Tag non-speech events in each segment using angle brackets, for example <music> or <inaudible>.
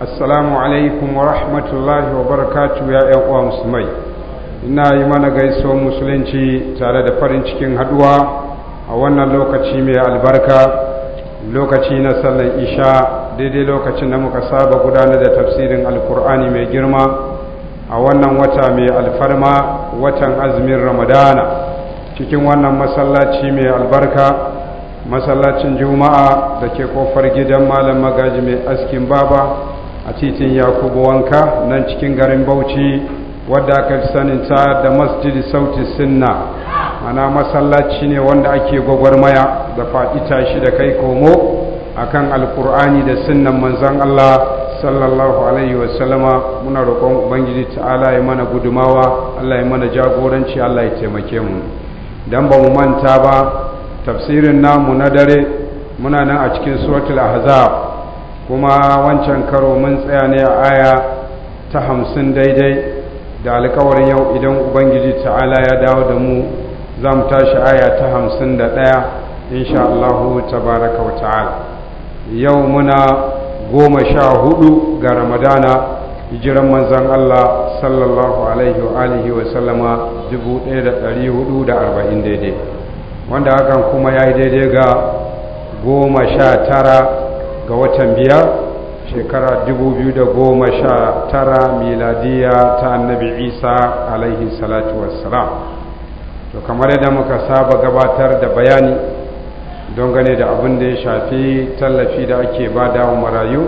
assalamu alaikum wa rahmatullahi wa barakatu ya yan uwa musulmai ina yi mana gaisuwar musulunci tare da farin cikin haduwa a wannan lokaci mai albarka lokaci na sallan isha daidai lokacin da muka saba gudanar da tafsirin alkur'ani mai girma a wannan wata mai alfarma watan azumin ramadana cikin wannan masallaci mai albarka masallacin juma'a da ke kofar gidan malam magaji mai askin baba a titin yakubu wanka nan cikin garin bauchi wadda aka sani ta da masjidi sauti sinna ana masallaci ne wanda ake gwagwarmaya da faɗi tashi da kai komo a kan alkur'ani da sunnan manzon Allah sallallahu alaihi wasallama muna roƙon ubangiji ta'ala ya mana gudumawa Allah ya mana jagoranci Allah ya taimake mu dan ba mu manta ba tafsirin namu na dare muna nan a cikin suratul ahzab kuma wancan karo mun tsaya ne a aya ta hamsin daidai da alkawarin yau idan ubangiji ta'ala ya dawo da mu za mu tashi aya ta hamsin da ɗaya insha Allahu tabaraka wa ta'ala yau muna goma sha hudu ga ramadana hijiran manzan Allah sallallahu alaihi wa alihi wa sallama dubu ɗaya da ɗari hudu da arba'in daidai wanda hakan kuma ya yi daidai ga goma sha tara ga watan biyar shekara 2019 miladiya ta annabi isa alaihi salatu wassalam to kamar yadda muka saba gabatar da bayani don gane da abin da ya shafi tallafi da ake bada wa marayu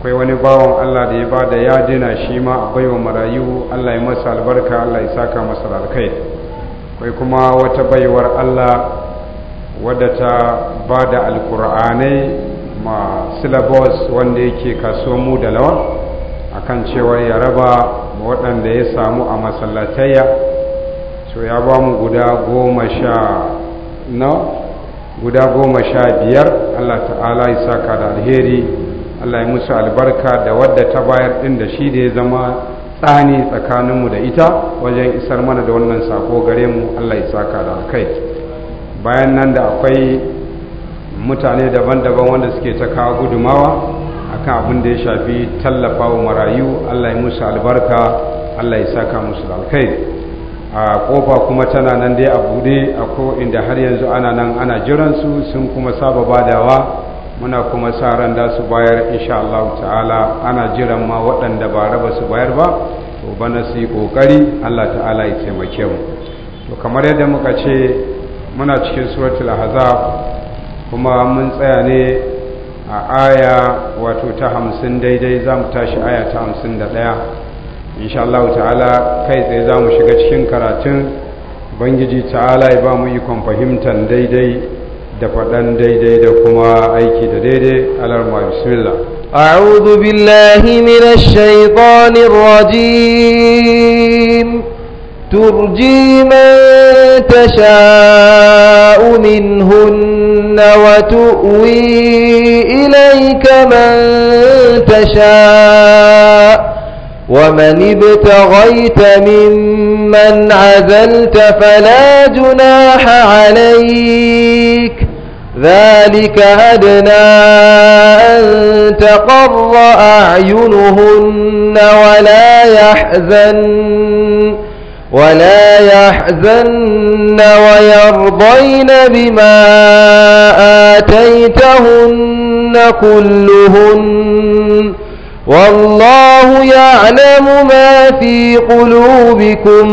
akwai wani bawan Allah da ya da ya dina shi ma baiwa wa marayu Allah ya masa albarka Allah ya saka masa alkai akwai kuma wata baiwar Allah wadda ta ba da alkur'anai ma syllabus wanda yake kaso mu da lawan kan cewa ya raba waɗanda ya samu a masallatayya so ya ba mu guda goma sha na guda goma sha biyar allah ta'ala ya saka da alheri allah ya musu albarka da wadda ta bayar ɗin da shi da ya zama tsani tsakaninmu da ita wajen isar mana da wannan sako gare mu allah ya saka da kai bayan nan da akwai mutane daban-daban wanda suke ta kawo gudumawa akan abin da ya shafi tallafa wa marayu Allah ya musu albarka Allah ya saka musu alkai a kofa kuma tana nan dai a bude a ko inda har yanzu ana nan ana jiran su sun kuma saba badawa muna kuma sa ran da su bayar insha Allah ta'ala ana jiran ma waɗanda ba raba su bayar ba to bana su yi kokari Allah ta'ala ya taimake mu to kamar yadda muka ce muna cikin suratul ahzab kuma mun tsaya ne a aya wato ta hamsin daidai za mu tashi aya ta hamsin da ɗaya insha Allah ta'ala kai tsaye za mu shiga cikin karatun bangiji ta'ala ya ba mu ikon fahimtar daidai da faɗan daidai da kuma aiki da daidai alarma bismillah أعوذ بالله من الشيطان الرجيم ترجي من تشاء منهن وتؤوي إليك من تشاء ومن ابتغيت ممن عزلت فلا جناح عليك ذلك أدنى أن تقر أعينهن ولا يحزن ولا يحزن ويرضين بما آتيتهن كلهن والله يعلم ما في قلوبكم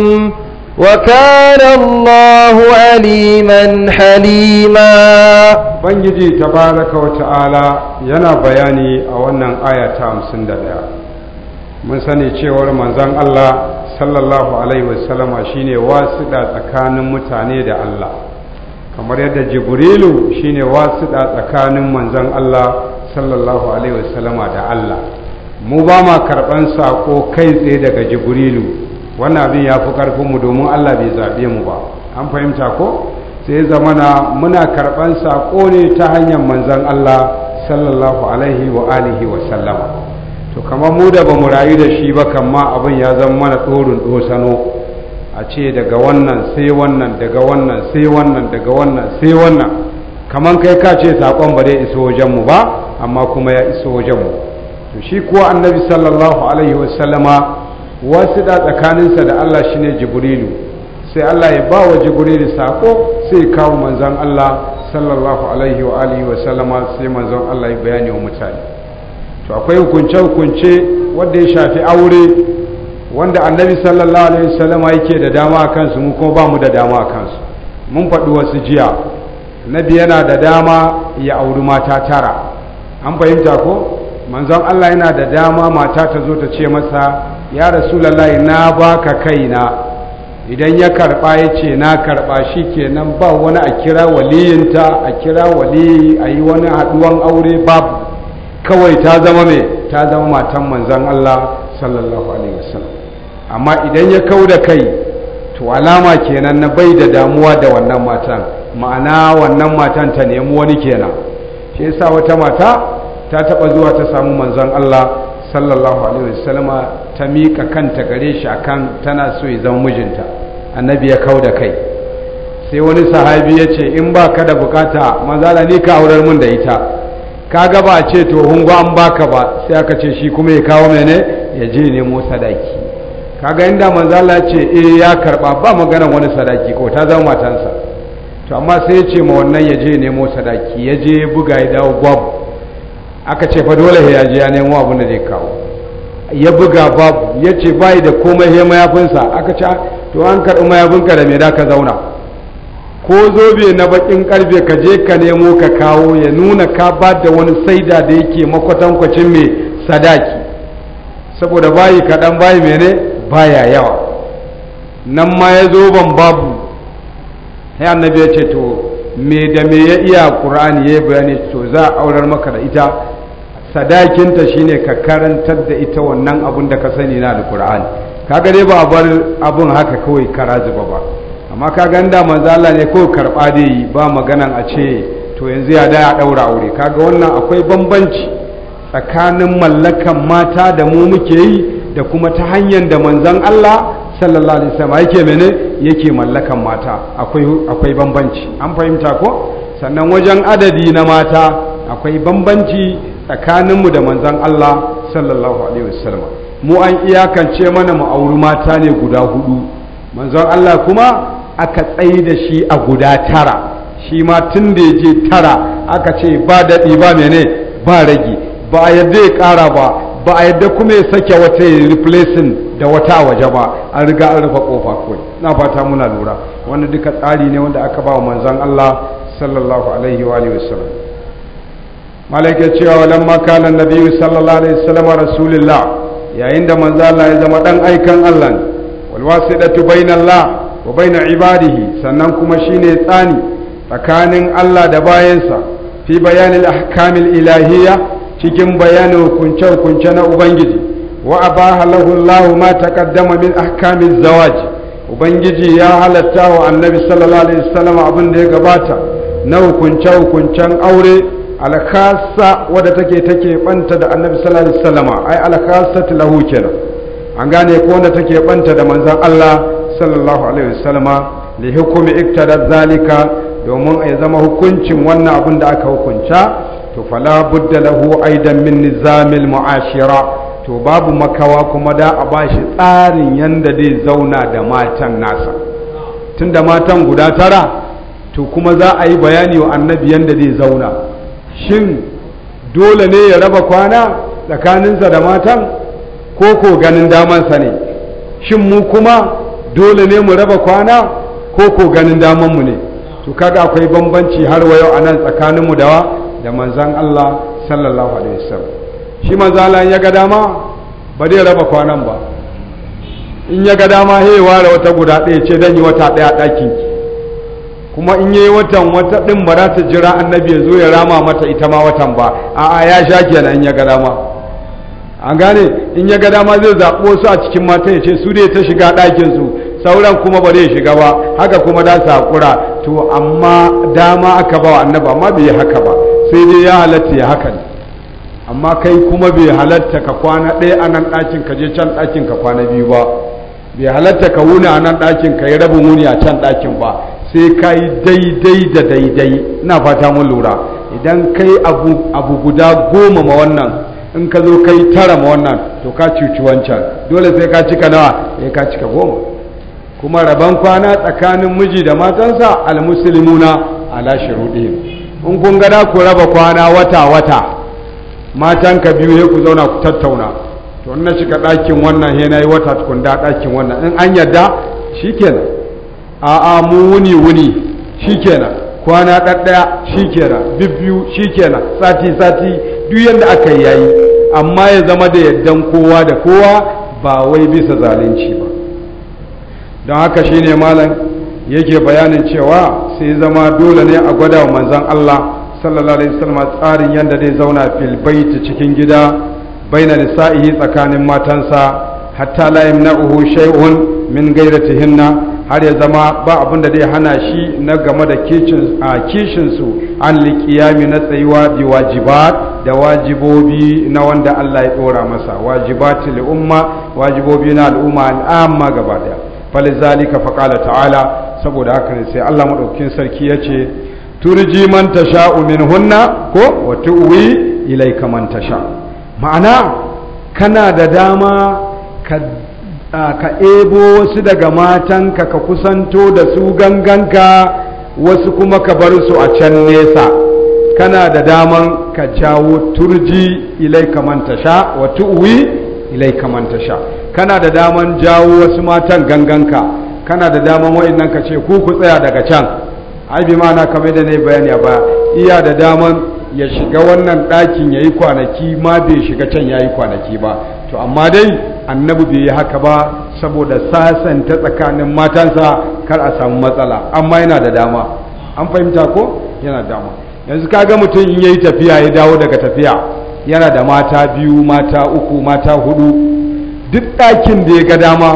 وكان الله عليما حليما بنجي تبارك وتعالى yana bayani a wannan aya ta 51 mun sani cewar manzon Allah sallallahu alaihi wasallama shine wasiɗa tsakanin mutane da Allah kamar yadda jibrilu shine wasiɗa tsakanin manzon Allah sallallahu alaihi wasallama da Allah mu ba ma karɓan saƙo kai tsaye daga jibrilu wannan abin ya fi mu domin Allah bai zaɓe mu ba an fahimta ko sai zamana muna karɓan saƙo ne ta hanyar manzon Allah sallallahu alaihi wa alihi wa sallama to kamar mu da ba mu rayu da shi ba kamma abin ya zama mana tsorin dosano a ce daga wannan sai wannan daga wannan sai wannan daga wannan sai wannan kamar kai ka ce saƙon ba zai iso wajenmu ba amma kuma ya iso wajenmu to shi kuwa annabi sallallahu alaihi wasallama wasu da tsakaninsa da Allah shine jibrilu sai Allah ya ba wa jibrilu saƙo sai kawo manzon Allah sallallahu alaihi wa alihi wasallama sai manzon Allah ya bayani wa mutane akwai hukunce-hukunce wanda ya shafi aure wanda annabi sallallahu alaihi wasallam yake da dama a kansu mu kuma ba mu da dama a kansu mun faɗi wasu jiya nabi yana da dama ya auri mata tara an fahimta ko manzon Allah yana da dama mata ta zo ta ce masa ya rasulullahi na baka kaina idan ya karba ya ce na karba shi kenan ba wani a kira waliyinta a kira waliyi a wani haɗuwan aure babu kawai ta zama mai ta zama matan manzan Allah sallallahu alaihi wasallam amma idan ya kau da kai to alama kenan na bai da damuwa da wannan matan ma'ana wannan matan ta nemi wani kenan shi yasa wata mata ta taba zuwa ta samu manzan Allah sallallahu alaihi wasallam ta mika kanta gare shi kan tana so ya zama mijinta annabi ya kau da kai sai wani sahabi ya ce in ba ka da bukata maza da ni ka aurar mun da ita ka ba a ce to hungo an baka ba sai aka ce shi kuma ya kawo mene ya je nemo sadaki kaga inda manzo Allah ce eh ya karba ba magana wani sadaki ko ta zama matansa to amma sai ya ce ma wannan ya je nemo sadaki ya je buga ya dawo gwab aka ce fa dole ya je ya nemo abin da zai kawo ya buga babu ya ce bai da komai he mayafinsa aka ce ah, to an karɓi mayafinka da me da ka zauna ko zobe na bakin karfe ka je ka nemo ka kawo ya nuna ka ba da wani saida da yake makwatankwacin mai sadaki saboda bayi kaɗan bayi mene baya yawa nan ma ya zo ban babu ya annabi ya ce to me da me ya iya qur'ani ya bayani to za a aurar maka da ita sadakinta shine ka karantar da ita wannan abun da ka sani na alqur'ani kaga dai ba bar abun haka kawai ba, ba amma ka ganda Allah ne ko karba da yi ba maganan a ce to yanzu ya daya ɗaura aure kaga wannan akwai bambanci tsakanin mallakan mata da mu muke yi da kuma ta hanyar da manzan Allah sallallahu alaihi wasallam yake mene yake mallakan mata akwai akwai bambanci an fahimta ko sannan wajen adadi na mata akwai bambanci tsakanin mu da manzan Allah sallallahu alaihi wasallam mu an iyakance mana mu auri mata ne guda hudu manzon Allah kuma aka tsaye da shi a guda tara shi ma tun da ya je tara aka ce ba daɗi ba mene ba rage ba a yadda ya ƙara ba ba a yadda kuma ya sake wata ya replacing da wata waje ba an riga an rufe kofa kawai na fata muna lura wanda duka tsari ne wanda aka ba wa manzan Allah sallallahu alaihi wa alihi wasallam malaika wa lamma kana sallallahu alaihi wasallam rasulullah yayin da manzan Allah ya zama dan aikan Allah wal wasidatu bainallah wa baina ibadihi sannan kuma shine tsani tsakanin Allah da bayansa fi bayanin ahkamil ilahiyya cikin bayanin hukunce-hukunce na Ubangiji wa abaha lahu Allah ma taqaddama min ahkamiz zawaj Ubangiji ya halatta wa Annabi sallallahu alaihi wasallam abin da ya gabata na hukunce-hukuncen aure alkhassa wadda take take banta da Annabi sallallahu alaihi wasallam ai alkhassatu lahu kenan an gane ko wanda take banta da manzon Allah sallallahu alaihi wasallama li hukumi iktada zalika domin ya zama hukuncin wannan abin da aka hukunta to fala budda lahu aidan min nizamil mu'ashira to babu makawa kuma da a bashi tsarin yanda zai zauna da matan nasa tunda matan guda tara to kuma za a yi bayani wa annabi yanda zai zauna shin dole ne ya raba kwana tsakaninsa da matan ko ko ganin damansa ne shin mu kuma dole ne mu raba kwana ko ko ganin daman mu ne to kaga akwai bambanci har wayo a nan tsakaninmu da da manzan Allah sallallahu alaihi wasallam shi manzan ya ga dama ba zai raba kwanan ba in ya ga dama he ware wata guda ɗaya ce dan yi wata ɗaya ɗakin kuma in yayi watan wata ɗin ba za ta jira annabi ya zo ya rama mata ita ma watan ba a'a ya sha kenan in ya ga dama an gane in ya ga dama zai zaɓo su a cikin matan ya ce su dai ta shiga ɗakin su sauran kuma ba zai shiga ba haka kuma da su haƙura to amma dama aka ba wa annaba amma bai haka ba sai dai ya halatta ya haka ne amma kai kuma bai halatta ka kwana ɗaya a nan ɗakin ka je can ɗakin ka kwana biyu ba bai halatta ka wuni a nan ɗakin ka yi rabin wuni a can ɗakin ba sai ka yi daidai da daidai ina fata mun lura idan kai abu guda goma ma wannan in ka zo kai tara ma wannan to ka cuci wancan dole sai ka cika nawa sai eh, ka cika goma kuma rabon kwana tsakanin miji da matansa almusulmuna ala shuruɗihim in kun gana ku raba kwana wata wata matan ka biyu sai ku zauna ku tattauna to in na shiga ɗakin wannan he na yi wata da ɗakin wannan in an yadda shikenan a'a mu wuni wuni shikenan kwana ɗaɗɗaya shikenan bibbiyu shikenan sati sati duk yadda aka yayi amma ya zama da yaddan kowa da kowa ba wai bisa zalunci ba don haka shine malam yake bayanin cewa sai zama dole ne a gwada wa manzon Allah sallallahu alaihi wasallam tsarin yadda zai zauna fil baiti cikin gida baina nisa'ihi tsakanin matansa hatta la yamna'uhu shay'un min ghairatihinna har ya zama ba abin da zai hana shi na game da kishinsu an likiyami na tsayuwa bi wajibat da wajibobi na wanda Allah ya ɗora masa wajiba al'umma wajibobi na al'umma al'amma gaba daya falizalika faqala ta'ala saboda haka ne sai Allah madaukakin sarki yace turji man tasha'u hunna ko wa tuwi ilayka man tasha ma'ana kana da dama ka ka ebo wasu daga matanka ka kusanto da su ganganka wasu kuma ka bar su a can nesa kana da daman ka jawo turji ilai kamanta sha wa tu'wi ilai kamanta sha kana da daman jawo wasu matan ganganka kana da daman wa'annan ka ce ku ku tsaya daga can ai bi ma'ana kamar da ne bayani a iya da daman ya shiga wannan ɗakin ya yi kwanaki ma bai shiga can ya yi kwanaki ba to amma dai annabi bai yi haka ba saboda sasanta tsakanin matansa kar a samu matsala amma yana da dama an fahimta ko yana da dama yanzu kaga mutum in yayi tafiya ya dawo daga tafiya yana da mata biyu mata uku mata hudu duk ɗakin da ya ga dama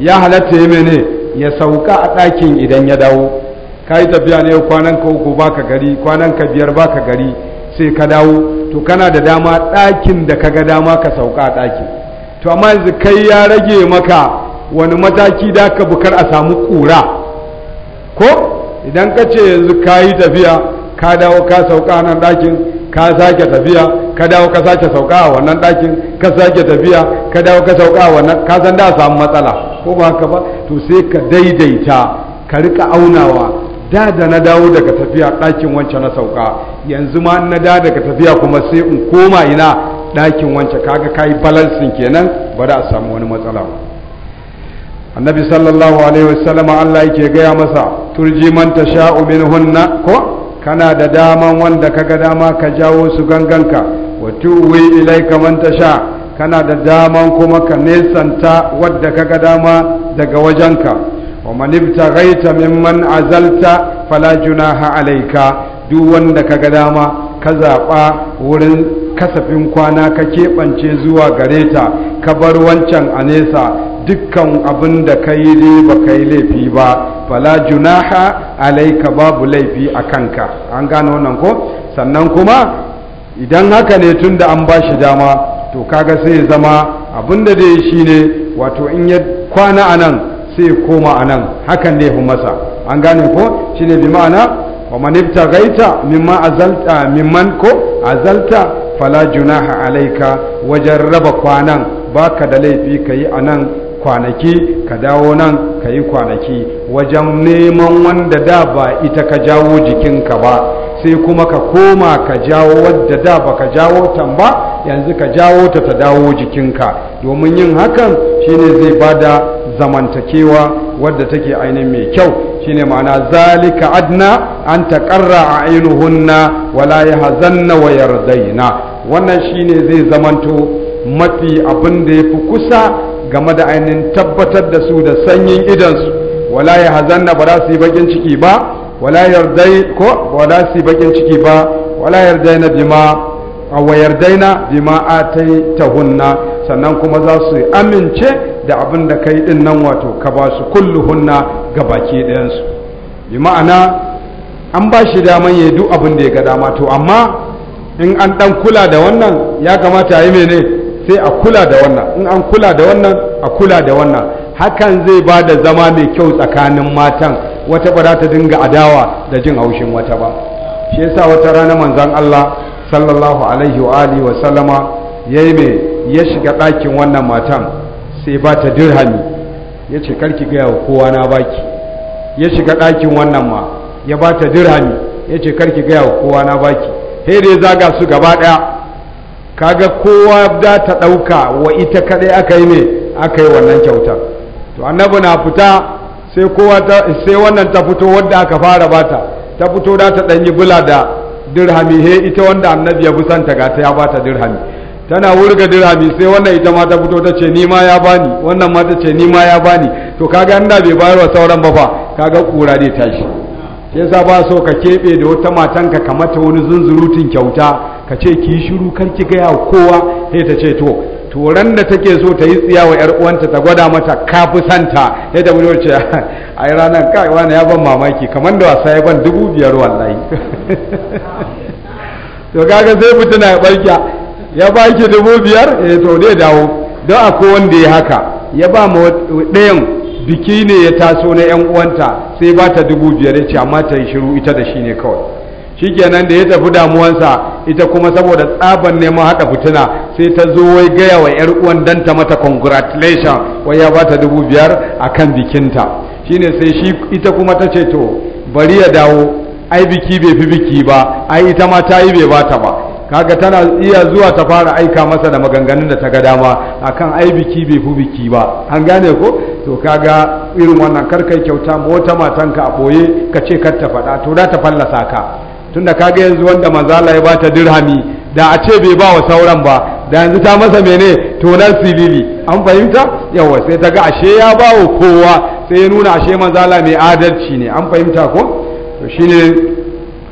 ya halatta ya mene ya sauka a ɗakin idan ya dawo ka yi tafiya ne kwanan ka uku baka gari kwanan ka biyar baka gari sai ka dawo to kana da dama ɗakin da ka ga dama ka sauka a ɗakin to amma yanzu kai ya rage maka wani mataki da ka bukar a samu ƙura ko idan ka ce yanzu ka yi tafiya ka dawo ka sauka a nan ɗakin ka sake tafiya ka dawo ka sake sauka a wannan ɗakin ka sake tafiya ka dawo ka sauka a wannan ka san da samu matsala ko ba haka ba to sai ka daidaita ka rika aunawa da da na dawo daga tafiya ɗakin wancan na sauka yanzu ma na da daga tafiya kuma sai in koma ina ɗakin wancan kaga kayi balansin kenan bari a samu wani matsala annabi sallallahu alaihi wasallama Allah yake gaya masa turji man tasha'u minhunna ko kana da dama wanda kaga dama ka jawo su ganganka wa tuwi ilaika man tasha kana da daman kuma ka nesanta wadda kaga dama daga wajenka ومن ابتغيت ممن عزلت فلا جناح عليك duk wanda ka ga dama ka zaɓa wurin kasafin kwana ka keɓance zuwa gare ta ka bar wancan a nesa dukkan abin da ka yi dai ba yi laifi ba fala junaha alaika babu laifi a kanka an gane wannan ko sannan kuma idan haka ne tun da an ba shi dama to kaga sai zama abun da dai shi wato in ya kwana a nan sai koma a nan hakan ne fi masa an gane ko shi ne bi ma'ana wa manifta gaita mimma azalta mimman ko azalta fala junaha alaika wajen raba kwanan ba ka da laifi ka yi a nan kwanaki ka dawo nan ka yi kwanaki wajen neman wanda da ba ita ka jawo jikinka ba sai kuma ka koma ka jawo wadda da ba ka jawo tan ba yanzu ka jawo ta ta dawo jikinka domin yin hakan shine zai bada zamantakewa wadda take ainihin mai kyau shine ma'ana zalika adna an a ainihunna wala ya hazanna wa yardaina wannan shine zai zamanto mafi abin da ya fi kusa game da ainihin tabbatar da su da sanyin idansu wala ya hazanna ba za su yi bakin ciki ba wala yardai ko ba za su yi bakin ciki ba wala yardaina bima a wayar daina bima sannan kuma za su amince da abin da kai din nan wato ka ba su kulluhunna ga baki ɗayansu bi ma'ana an ba shi daman ya duk abin da ya ga dama to amma in an dan kula da wannan ya kamata yi mene sai a kula da wannan in an kula da wannan a kula da wannan hakan zai ba da zama mai kyau tsakanin matan wata ba za ta dinga adawa da jin haushin wata ba shi yasa wata rana manzon Allah sallallahu alaihi wa alihi wa sallama yayi me ya shiga ɗakin wannan matan sai ba ta dirhami ya ce karki gaya wa kowa na baki ya shiga ɗakin wannan ma ya ba ta dirhami ya ce karki gaya wa kowa na baki sai dai zaga su gaba ɗaya kaga kowa da ta ɗauka wa ita kaɗai aka yi ne aka yi wannan kyautar to annabi na fita sai kowa sai wannan ta fito wadda aka fara bata ta fito da ta ɗanyi bula da dirhami he ita wanda annabi ya fi santa ga ta ya ba ta dirhami tana wurga dirami sai wannan ita ma ta fito ta ce ni ma ya bani wannan ma ta ce ni ma ya bani to kaga inda bai bayar wa sauran ba fa kaga kura dai tashi shi yasa ba so ka kebe da wata matan ka kamata wani zunzurutun kyauta ka ce ki shiru kar ki gaya kowa sai ta ce to turan da take so ta yi tsiya wa yar uwanta ta gwada mata kafi santa sai ta bude wace <laughs> ai ranan kai wani ya ban mamaki kamar da wasa ya ban dubu biyar wallahi <laughs> to kaga sai mutuna ya barka ya ba ki dubu biyar eh to dai dawo don akwai wanda ya haka ya ba ma ɗayan biki ne ya taso na yan uwanta sai ba ta dubu biyar ce amma ta yi shiru ita da shi ne kawai shikenan da ya tafi damuwansa ita kuma saboda tsaban neman haɗa fitina sai ta zo wai gaya wa yar uwan dan ta mata congratulation wai ya ba ta dubu biyar akan bikinta shine sai shi ita kuma ta ce to bari ya dawo ai biki bai fi biki ba ai ita ma ta yi bai bata ba kaga tana iya zuwa ta fara aika masa da maganganun da ta ga dama akan ai biki bai fi biki ba an gane ko to kaga irin wannan karkai kyauta ma wata matanka a boye ka ce kar ta faɗa to da ta fallasa ka tunda kaga yanzu wanda mazala ya bata dirhami da a ce bai ba wa sauran ba da yanzu ta masa mene tonar silili an fahimta yawa sai ta ga ashe ya ba wa kowa sai ya nuna ashe manzala mai adalci ne an fahimta ko to shine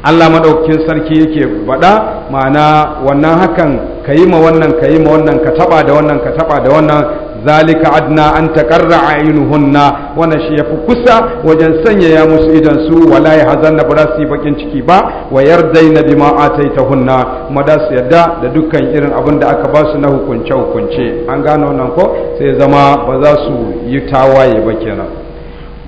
Allah maɗaukin sarki yake baɗa ma'ana wannan hakan ka yi ma wannan ka yi ma wannan ka taɓa da wannan ka taɓa da wannan zalika adna an taƙarra hunna wannan shi ya fi kusa wajen sanyaya musu idan su wala ya hazanna ba za su yi bakin ciki ba wa yardaina bima hunna kuma da su yarda da dukkan irin abin da aka ba su na hukunce hukunce an gano nan ko sai zama ba za su yi tawaye ba kenan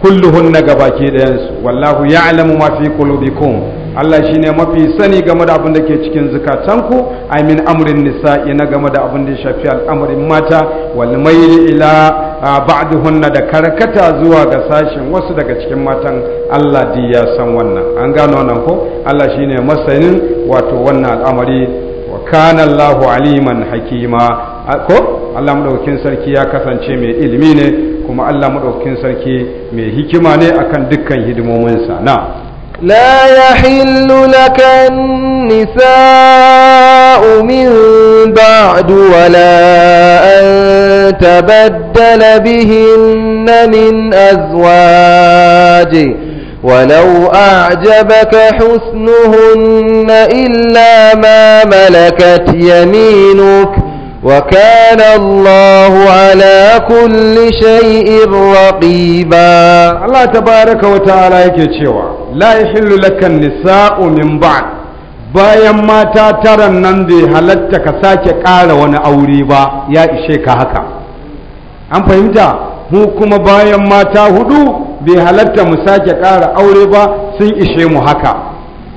kulluhunna gabaki dayansu wallahu ya'lamu ma fi qulubikum Allah shi ne mafi sani game da abin da ke cikin zukatanku I mean amrin nisa'i ina game da abin da ya shafi al'amarin mata wal mail ila ba'dihunna da karkata zuwa ga sashin wasu daga cikin matan Allah di ya san wannan an gano wannan ko Allah shi ne masanin wato wannan al'amari wa kana Allahu aliman hakima ko Allah madaukakin sarki ya kasance mai ilimi ne kuma Allah madaukakin sarki mai hikima ne akan dukkan hidimominsa na لا يحل لك النساء من بعد ولا أن تبدل بهن من أزواج ولو أعجبك حسنهن إلا ما ملكت يمينك وكان الله على كل شيء رقيبا الله تبارك وتعالى يكتشوه la yahillu laka nisa'u min ba'd bayan mata taran nan bai halatta ka sake ƙara wani aure ba ya ishe ka haka an fahimta mu kuma bayan mata hudu bai halatta mu sake ƙara aure ba sun ishe mu haka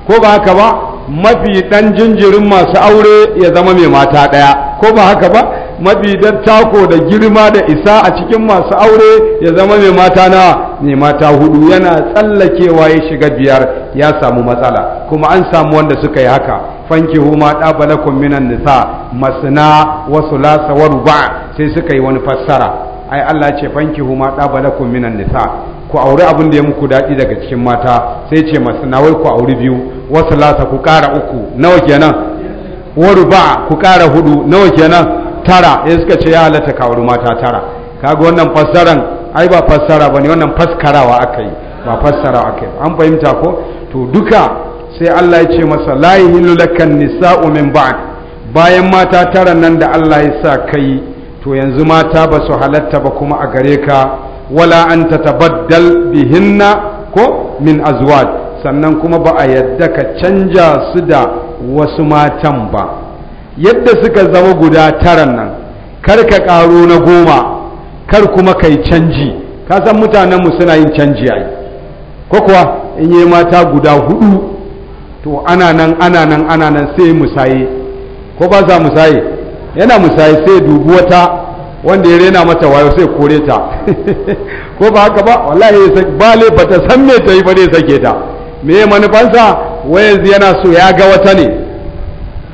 ko ba haka ba mafi ɗan jinjirin masu aure ya zama mai mata ɗaya ko ba haka ba mabidar tako da girma da isa a cikin masu aure ya zama mai mata na mai mata hudu yana tsallakewa ya shiga biyar ya samu matsala kuma an samu wanda suka yi haka fankihu ma kun minan nisa masna wasu lasa wa ruba sai suka yi wani fassara ai Allah ce fankihu ma kun minan nisa ku aure abin da ya muku daɗi daga cikin mata sai ce masna wai ku aure biyu wasu lasa ku kara uku nawa kenan wa ruba ku kara hudu nawa kenan tara ya eh, suka ce ya halatta ka mata tara kaga wannan fassaran ai ba fassara bane wannan faskarawa aka yi ba fassara aka yi an fahimta ko to duka sai Allah ya ce masa la yahillu lakan nisa'u min ba'd bayan mata tara nan da Allah ya sa kai to yanzu mata ba su halatta ba kuma a gare ka wala an tatabaddal bihinna ko min azwaj sannan kuma ba a yadda ka canja su da wasu matan ba yadda suka zama guda taran nan kar ka ƙaro na goma kar kuma kai canji ka san mutanenmu suna yin canji ai ko kuwa in yi mata guda hudu to ana nan ana nan ana nan sai musaye ko ba za musaye yana musaye sai dubu wata wanda ya rena mata wayo sai kore ta <laughs> ko ba haka ba wallahi ba le bata san me ta yi ba dai sake ta me manufansa wayanzu yana so ya ga wata ne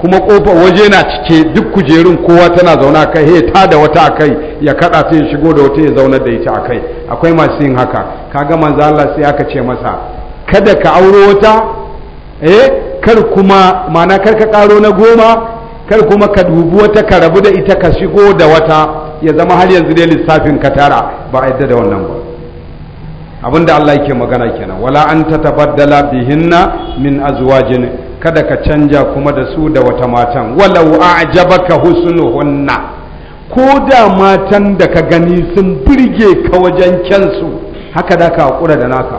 kuma kofar waje na cike duk kujerun kowa tana zauna kai he ta da wata kai ya kada ta ya shigo da wata ya zauna da ita akai akwai masu yin haka kaga manzo Allah sai aka ce masa kada ka auro wata eh kar kuma mana kar ka karo na goma kar kuma ka dubi wata ka rabu da ita ka shigo da wata ya zama har yanzu dai lissafin ka tara ba a yadda da wannan ba abinda Allah yake magana kenan wala an tatabaddala bihinna min azwajin kada ka canja kuma da su da wata matan walau husnu husnuhunna ko da matan da ka gani sun birge ka wajen kyansu haka da ka hakura da naka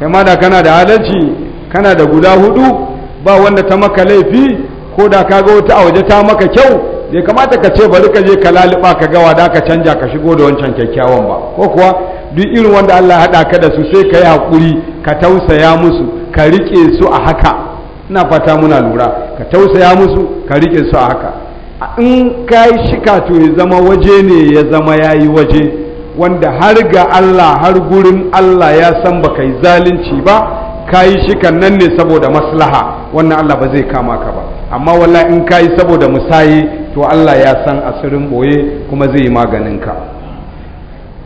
kai ma da kana da halarci kana da guda hudu ba wanda ta maka laifi ko da ka ga wata a waje ta maka kyau bai kamata ka ce bari ka je ka laliba ka gawa da ka canja ka shigo da wancan kyakkyawan ba ko kuwa duk irin wanda Allah haɗa ka da su sai ka yi hakuri ka tausaya musu ka rike su a haka ina fata muna lura ka tausaya musu ka rike su a haka in ka yi shika to ya zama waje ne ya zama ya yi waje wanda har ga Allah har gurin Allah ya san baka yi zalunci ba ka yi shikan nan ne saboda maslaha wannan Allah ba zai kama ka ba amma wallahi in ka yi saboda musayi to Allah ya san asirin boye kuma zai yi maganin ka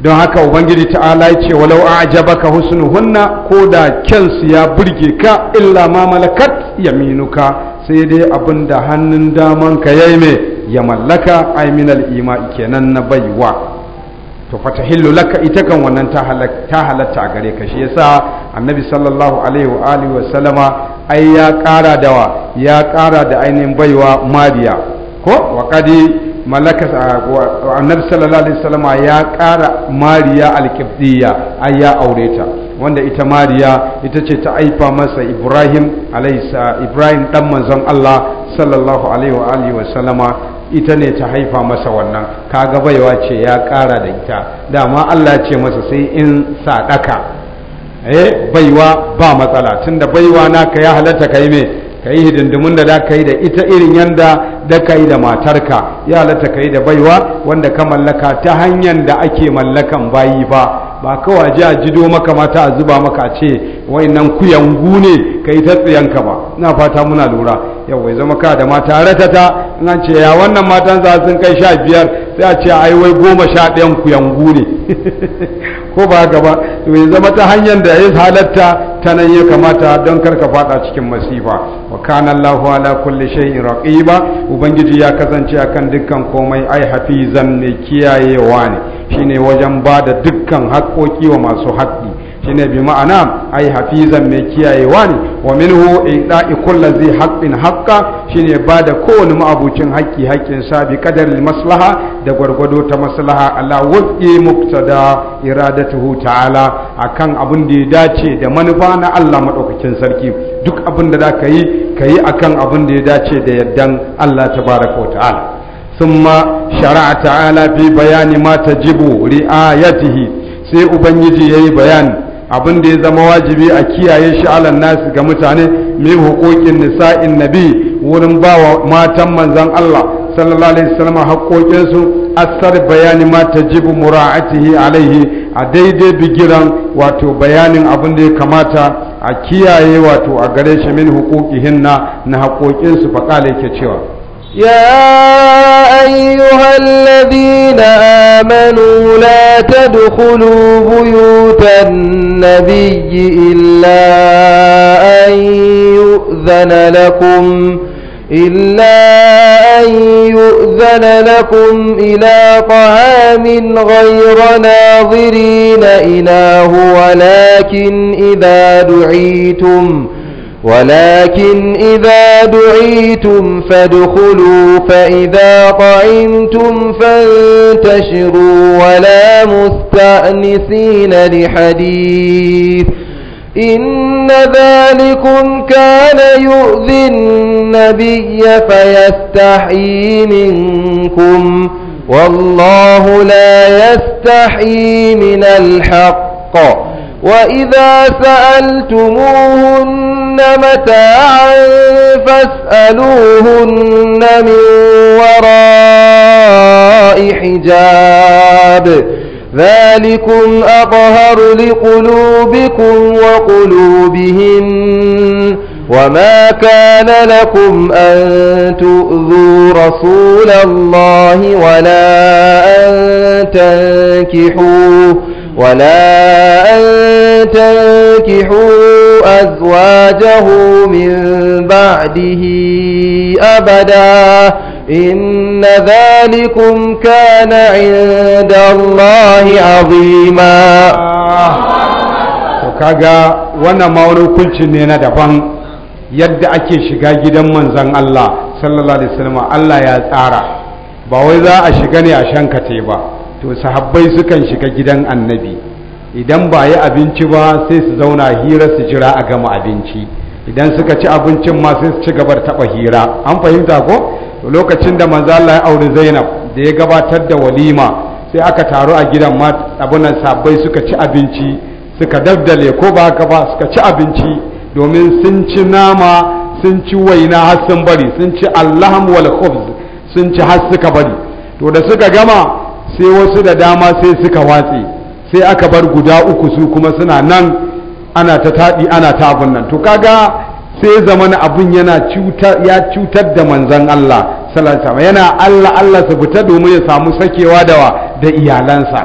don haka ubangiji ta'ala ya ce walau husnu-hunna, ko da kyansu ya burge ka illa ma malakat yaminuka sai dai abin da hannun daman ka yayi mai, ya mallaka Ai min al'ima kenan na baiwa to fatahillu laka ita kan wannan ta halatta a gare ka shi yasa annabi sallallahu alaihi wa alihi wa sallama ai ya kara da ya kara da ainihin baiwa mariya ko wa kadi malaka annabi sallallahu alaihi wasallam ya ƙara mariya alkibdiya ai ya aure ta wanda ita mariya ita ce ta aifa masa ibrahim alaihi ibrahim dan manzon allah sallallahu alaihi wa wa sallama ita ne ta haifa masa wannan kaga baiwa ce ya ƙara da ita dama allah ce masa sai in sadaka eh baiwa ba matsala tunda baiwa naka ya halatta kai me ka yi hidindimin da za ka yi da ita irin yanda da ka yi da matarka ya ta ka yi da baiwa wanda ka mallaka ta hanyar da ake mallakan bayi ba ba kawa ji a jido maka mata a zuba maka ce nan kuyangu ne ka yi ta ba ina fata muna lura yau zama ka da mata ratata ina ce ya wannan matan za sun kai sha biyar sai a ce ai wai goma sha ɗayan ku yangu ne <laughs> ko ba gaba zama ta hanyar da ya halatta ta nan ya kamata don ka fada cikin masifa wa kana Allahu ala kulli shay'in raqiba ubangiji ya kasance akan dukkan komai ai hafizan ne kiyayewa ne shine wajen ba da dukkan haƙoƙi wa masu haƙƙi shine bi ma'ana ai hafizan mai kiyayewa ne wa minhu ida'i kullu zai haqqin haqqa shine ba da kowane ma'abucin haƙƙi haƙƙin sa bi qadar maslaha da gwargwado ta maslaha Allah wuqi muqtada iradatuhu ta'ala akan abin da ya dace da manufa na Allah madaukakin sarki duk abin da zaka yi kayi akan abin da ya dace da yaddan Allah tabaraka ta'ala ثم شرع تعالى في بيان ما تجب رعايته sai ubangiji ya yi bayani abin da ya zama wajibi a kiyaye shi alan nasi ga mutane mai hukukin nisa'in nabi wurin ba wa matan manzan Allah sallallahu alaihi wasallam haƙoƙin su asar bayani ma tajibu mura'atihi alaihi a daidai bigiran wato bayanin abin da ya kamata a kiyaye wato a gare shi min hukukihinna na haƙoƙin su faƙala yake cewa يا أيها الذين آمنوا لا تدخلوا بيوت النبي إلا أن يؤذن لكم إلا أن يؤذن لكم إلى طعام غير ناظرين إله ولكن إذا دعيتم ولكن إذا دعيتم فادخلوا فإذا طعمتم فانتشروا ولا مستأنسين لحديث إن ذلكم كان يؤذي النبي فيستحيي منكم والله لا يستحيي من الحق وإذا سألتموهن متاعا فاسألوهن من وراء حجاب ذلكم أطهر لقلوبكم وقلوبهن وما كان لكم أن تؤذوا رسول الله ولا أن تنكحوه ولا أن تنكحوا أزواجه من بعده أبدا إن ذلكم كان عند الله عظيما kaga wannan ma wani hukunci ne na daban yadda ake shiga gidan manzon Allah sallallahu alaihi wasallam Allah ya tsara ba wai za a shiga ne a shankate ba to sahabbai sukan shiga gidan annabi idan ba yi abinci ba sai su zauna hira su jira a gama abinci idan suka ci abincin ma sai su ci gabar taba hira an fahimta ko lokacin da manzo Allah ya auri Zainab da ya gabatar da walima sai aka taru a gidan ma abunan sabbai suka ci abinci suka daddale ko ba haka ba suka ci abinci domin sun ci nama sun ci waina har sun bari sun ci allaham wal khubz sun ci har suka bari to da suka gama sai wasu da dama sai suka watse sai aka bar guda uku su kuma suna nan ana ta taɗi ana ta abin nan to kaga sai zamana abin yana ya cutar da manzon Allah sallallahu yana Allah Allah su fita domin ya samu sakewa da da iyalansa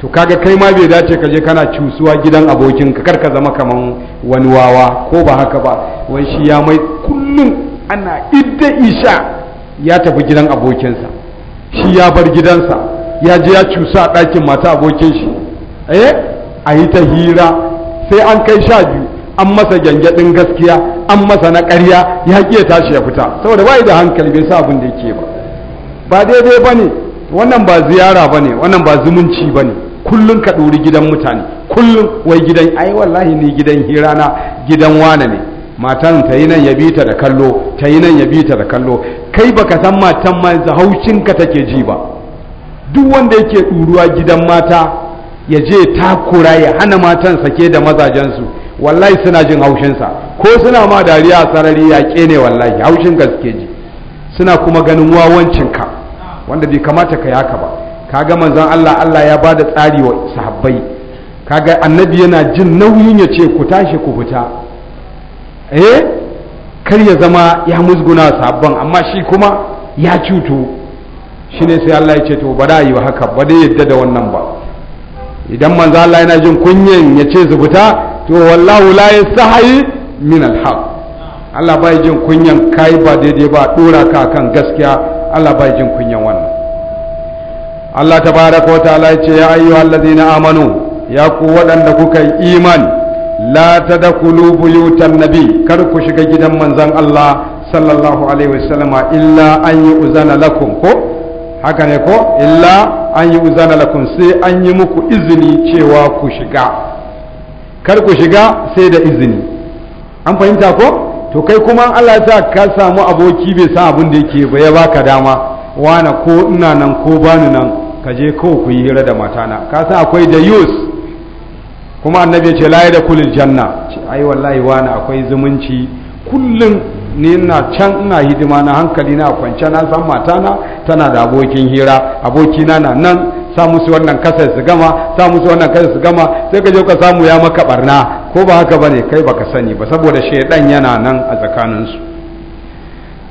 to kaga kai ma bai dace ka je kana cusuwa gidan abokinka kar ka zama kaman wani wawa ko ba haka ba wai shi ya mai kullum ana idda isha ya tafi gidan abokinsa shi ya bar gidansa ya je ya cusa a ɗakin mata abokin shi eh a yi ta hira sai an kai sha biyu an masa gyangyaɗin gaskiya an masa na ƙarya ya ƙi tashi ya fita saboda bai da hankali bai sa abin da yake ba ba daidai ba ne wannan ba ziyara ba ne wannan ba zumunci ba ne kullum ka ɗori gidan mutane kullum wai gidan ai wallahi ni gidan hira na gidan wane ne matan ta yi nan ya bi ta da kallo ta yi nan ya bi ta da kallo kai baka san matan ma ka take ji ba duk wanda yake ɗuruwa gidan mata ya je takura ya hana matan sake da mazajensu wallahi suna jin haushinsa ko suna ma dariya a sarari yaƙe ne wallahi haushin gaske ji suna kuma ganin wawancinka wanda bai kamata ka yaka ba kaga manzon Allah Allah ya ba da tsari wa sahabbai kaga annabi yana jin nauyin ya ce ku tashi ku fita eh kar ya zama ya musguna sabon amma shi kuma ya cuto shine sai Allah ya ce to ba da yi haka ba da yadda da wannan ba idan manzo Allah yana jin kunyan ya ce zubuta to wallahu la yasahi min alhaq Allah bai jin kunyan kai ba daidai ba dora ka kan gaskiya Allah bai jin kunyan wannan Allah tabaraka wa ta'ala ya ce ya ayyuhallazina amanu ya ku waɗanda kuka yi imani la tadkhulu buyutan nabi kar ku shiga gidan manzon Allah sallallahu alaihi wasallama illa an yu'zana lakum ko haka ne ko illa an yi uzana lakum sai an yi muku izini cewa ku shiga kar ku shiga sai da izini an fahimta ko to kai kuma Allah ya ka samu aboki bai sa abin da yake ba ya baka dama wana ko ina nan ko bani nan ka je ko ku yi hira da matana ka san akwai da yus kuma annabi ya ce la da kulil janna ai wallahi wani akwai zumunci kullum ni ina can ina hidima na hankali na kwance na san matana tana da abokin hira abokina na nan sa musu wannan kasar su gama sa musu wannan kasar su gama sai ka je ka samu ya maka barna ko ba haka bane kai baka sani ba saboda shedan yana nan a tsakaninsu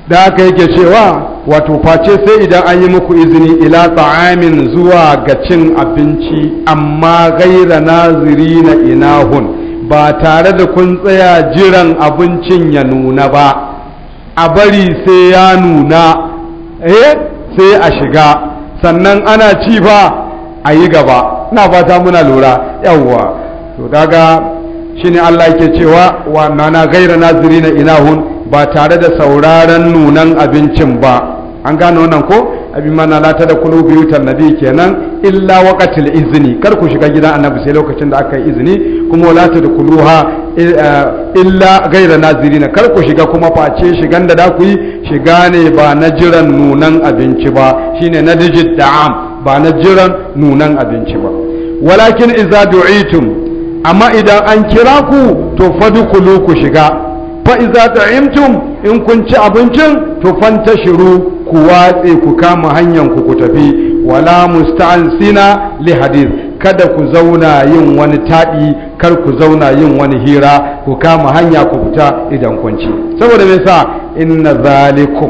da haka yake cewa wato face sai idan an yi muku izini ila ta'amin zuwa ga cin abinci amma gaira naziri na inahun ba tare da kun tsaya jiran abincin ya nuna ba a bari sai ya nuna eh sai a shiga sannan ana ci fa a yi gaba na fata muna lura yawwa to daga shi ne Allah yake cewa wa nana gaira nazirina ilahun ba tare da sauraron nunan abincin ba an gano nan ko abi mana la ta da kulu biyutan nabi kenan illa waqatil izni kar ku shiga gidan annabi sai lokacin da aka yi izini kuma la ta da kuluha eh, eh, illa gaira nazirina kar ku shiga kuma face shigan da da ku yi shiga ne ba na jiran nunan abinci ba shine na digit da'am ba na jiran nunan abinci ba walakin idza du'itum amma idan an kira ku to fadkhulu ku shiga fa idza ta'imtum in kun ci abincin to fantashiru ku watse ku kama hanyar ku ku tafi wala musta'ansina li hadith kada ku zauna yin wani taɗi kar ku zauna yin wani hira ku kama hanya ku fita idan kunci saboda me yasa inna zalikum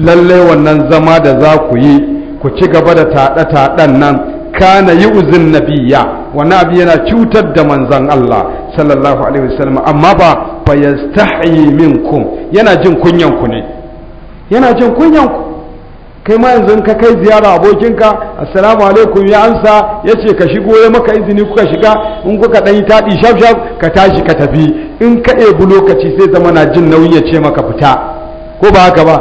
lalle wannan zama da za ku yi ku ci gaba da taɗe tadan nan kana yi uzin nabiya wannan abu yana cutar da manzan Allah sallallahu alaihi wasallam amma ba fa minkum yana jin kunyanku ne yana jin kunyan ku kai ma yanzu ka kai ziyara abokinka assalamu alaikum ya ansa ya ce ka shigo ya maka izini kuka shiga in kuka ɗan yi taɗi shaf shaf ka tashi ka tafi in ka ɗebi lokaci sai zama na jin nauyi ya ce maka fita ko ba haka ba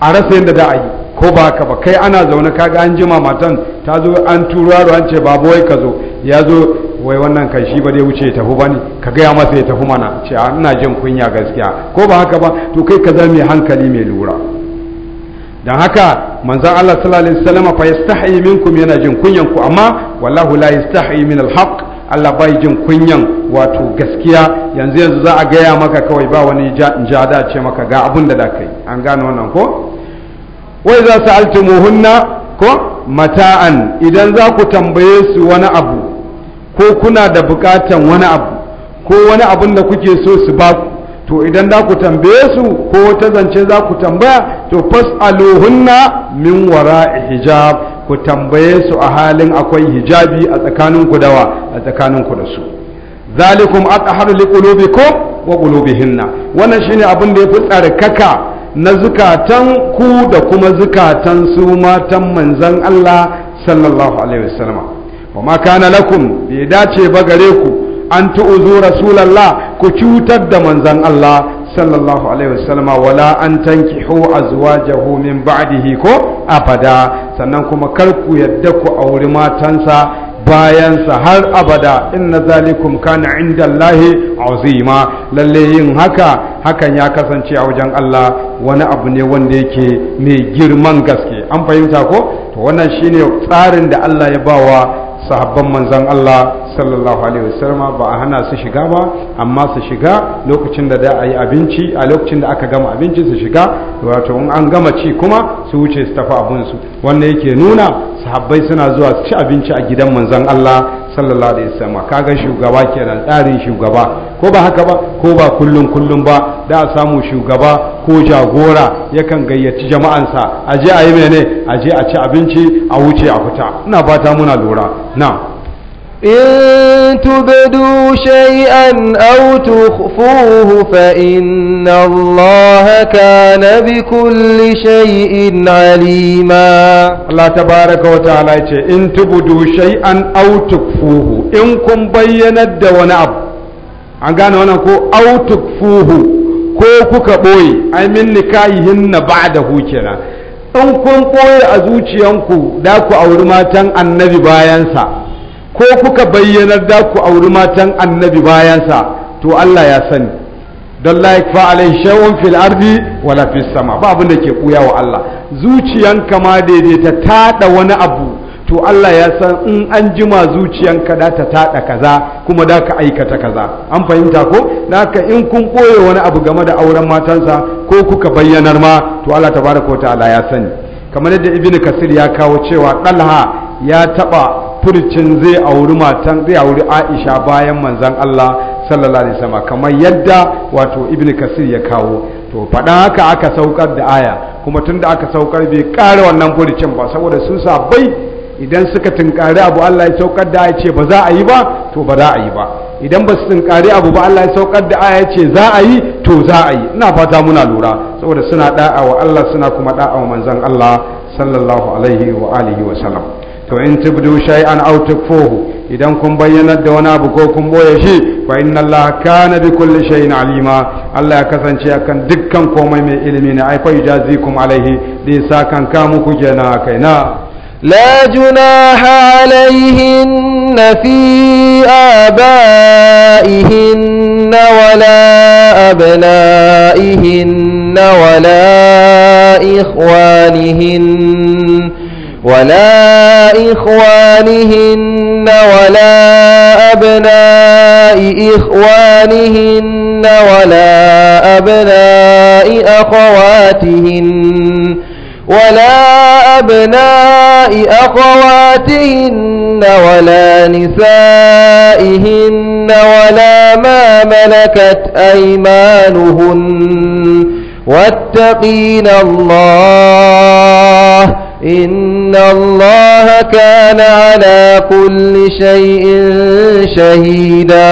a rasa yadda da a yi ko ba haka ba kai ana zaune kaga an jima matan ta zo an turo yaro an ce babu wai ka zo ya zo wai wannan kan shi ba zai wuce ya tafi ba ne ka gaya masa ya tafi mana ce ina jin kunya gaskiya ko ba haka ba to kai ka zama hankali mai lura dan haka manzon Allah sallallahu alaihi wasallam fa yastahi minkum yana jin kunyan ku amma wallahu la yastahi min alhaq Allah bai jin kunyan wato gaskiya yanzu yanzu za a gaya maka kawai ba wani jada ce maka ga abin da da kai an gane wannan ko wai za su altumuhunna ko mata'an idan za ku tambaye su wani abu ko kuna da bukatan wani abu ko wani abun da kuke so su ba ku to idan za ku tambaye su ko wata zance za ku tambaya to fas'aluhunna min wara'i hijab ku tambaye su a halin akwai hijabi a tsakanin ku dawa a tsakanin ku da su zalikum aqharu liqulubikum wa qulubihinna wannan shine abin da ya tsare tsarkaka na zukatan ku da kuma zukatan su matan manzon Allah sallallahu alaihi wasallam wa ma kana lakum bai dace ba gare ku an tu'uzu rasulallah ku cutar da manzon Allah sallallahu alaihi wasallam wala an tankihu azwajahu min ba'dihi ko abada sannan kuma kar ku yadda ku auri matansa bayansa har abada inna zalikum kana inda Allah azima lalle yin haka hakan ya kasance a wajen Allah wani abu ne wanda yake mai girman gaske an fahimta ko to wannan shine tsarin da Allah ya bawa sahabban manzon Allah sallallahu alaihi wasallama ba a hana su shiga ba amma su shiga lokacin da da yi abinci a lokacin da aka gama abinci su shiga wato in an gama ci kuma su wuce su tafi abun su wannan yake nuna sahabbai suna zuwa su ci abinci a gidan manzon Allah sallallahu alaihi wasallama kaga shugaba kenan tsarin shugaba ko ba haka ba ko ba kullun kullun ba da a samu shugaba ko jagora yakan gayyaci jama'ansa a je a yi mene a je a ci abinci a wuce a fita ina fata muna lura na إن تبدوا شيئا أو تخفوه فإن الله كان بكل شيء عليما الله تبارك وتعالى إن تبدوا شيئا أو تخفوه إن كن بينت ونعب an gane wannan ko autuk fuhu ko kuka ɓoye ai min nikahihin na ba da kenan in kun ɓoye a zuciyanku da ku auri matan annabi bayansa ko kuka bayyanar da ku auri matan annabi bayansa to Allah ya sani don laik fa’alai alai fil ardi wala fis sama ba abin da ke kuya wa Allah zuciyanka ma daidaita taɗa wani abu to Allah ya san in an jima zuciyanka da ta taɗa kaza kuma da ka aikata kaza an fahimta ko haka in kun koye wani abu game da auren matansa ko kuka bayyanar ma to Allah ta tabaraka wa ta'ala ya sani kamar yadda ibnu kasir ya kawo cewa ɗalha ya taɓa. furcin zai auri matan zai auri aisha bayan manzan allah sallallahu alaihi wasallam kamar yadda wato ibn kasir ya kawo to faɗan haka aka saukar da aya kuma tunda aka saukar bai ƙara wannan furcin ba saboda sun sabai idan suka tunkari abu allah ya saukar da aya ce ba za a yi ba to ba za a yi ba idan ba su tunkari abu ba allah ya saukar da aya ce za a yi to za a yi ina fata muna lura saboda suna da'a wa allah suna kuma da'a wa manzan allah sallallahu alaihi wa alihi wa sallam to in tubdu shay'an aw tukfuhu idan kun bayyanar da wani abu ko kun boye shi fa inna Allah kana bi kulli shay'in alima Allah ya kasance akan dukkan komai mai ilimi ne ai fa yujazikum alaihi dai sakan ka muku kenan akai na لا جناح عليهن في آبائهن ولا أبنائهن ولا إخوانهن ولا إخوانهن ولا أبناء إخوانهن ولا أبناء أخواتهن ولا أبناء أخواتهن ولا نسائهن ولا ما ملكت أيمانهن واتقين الله إن الله كان على كل شيء شهيدا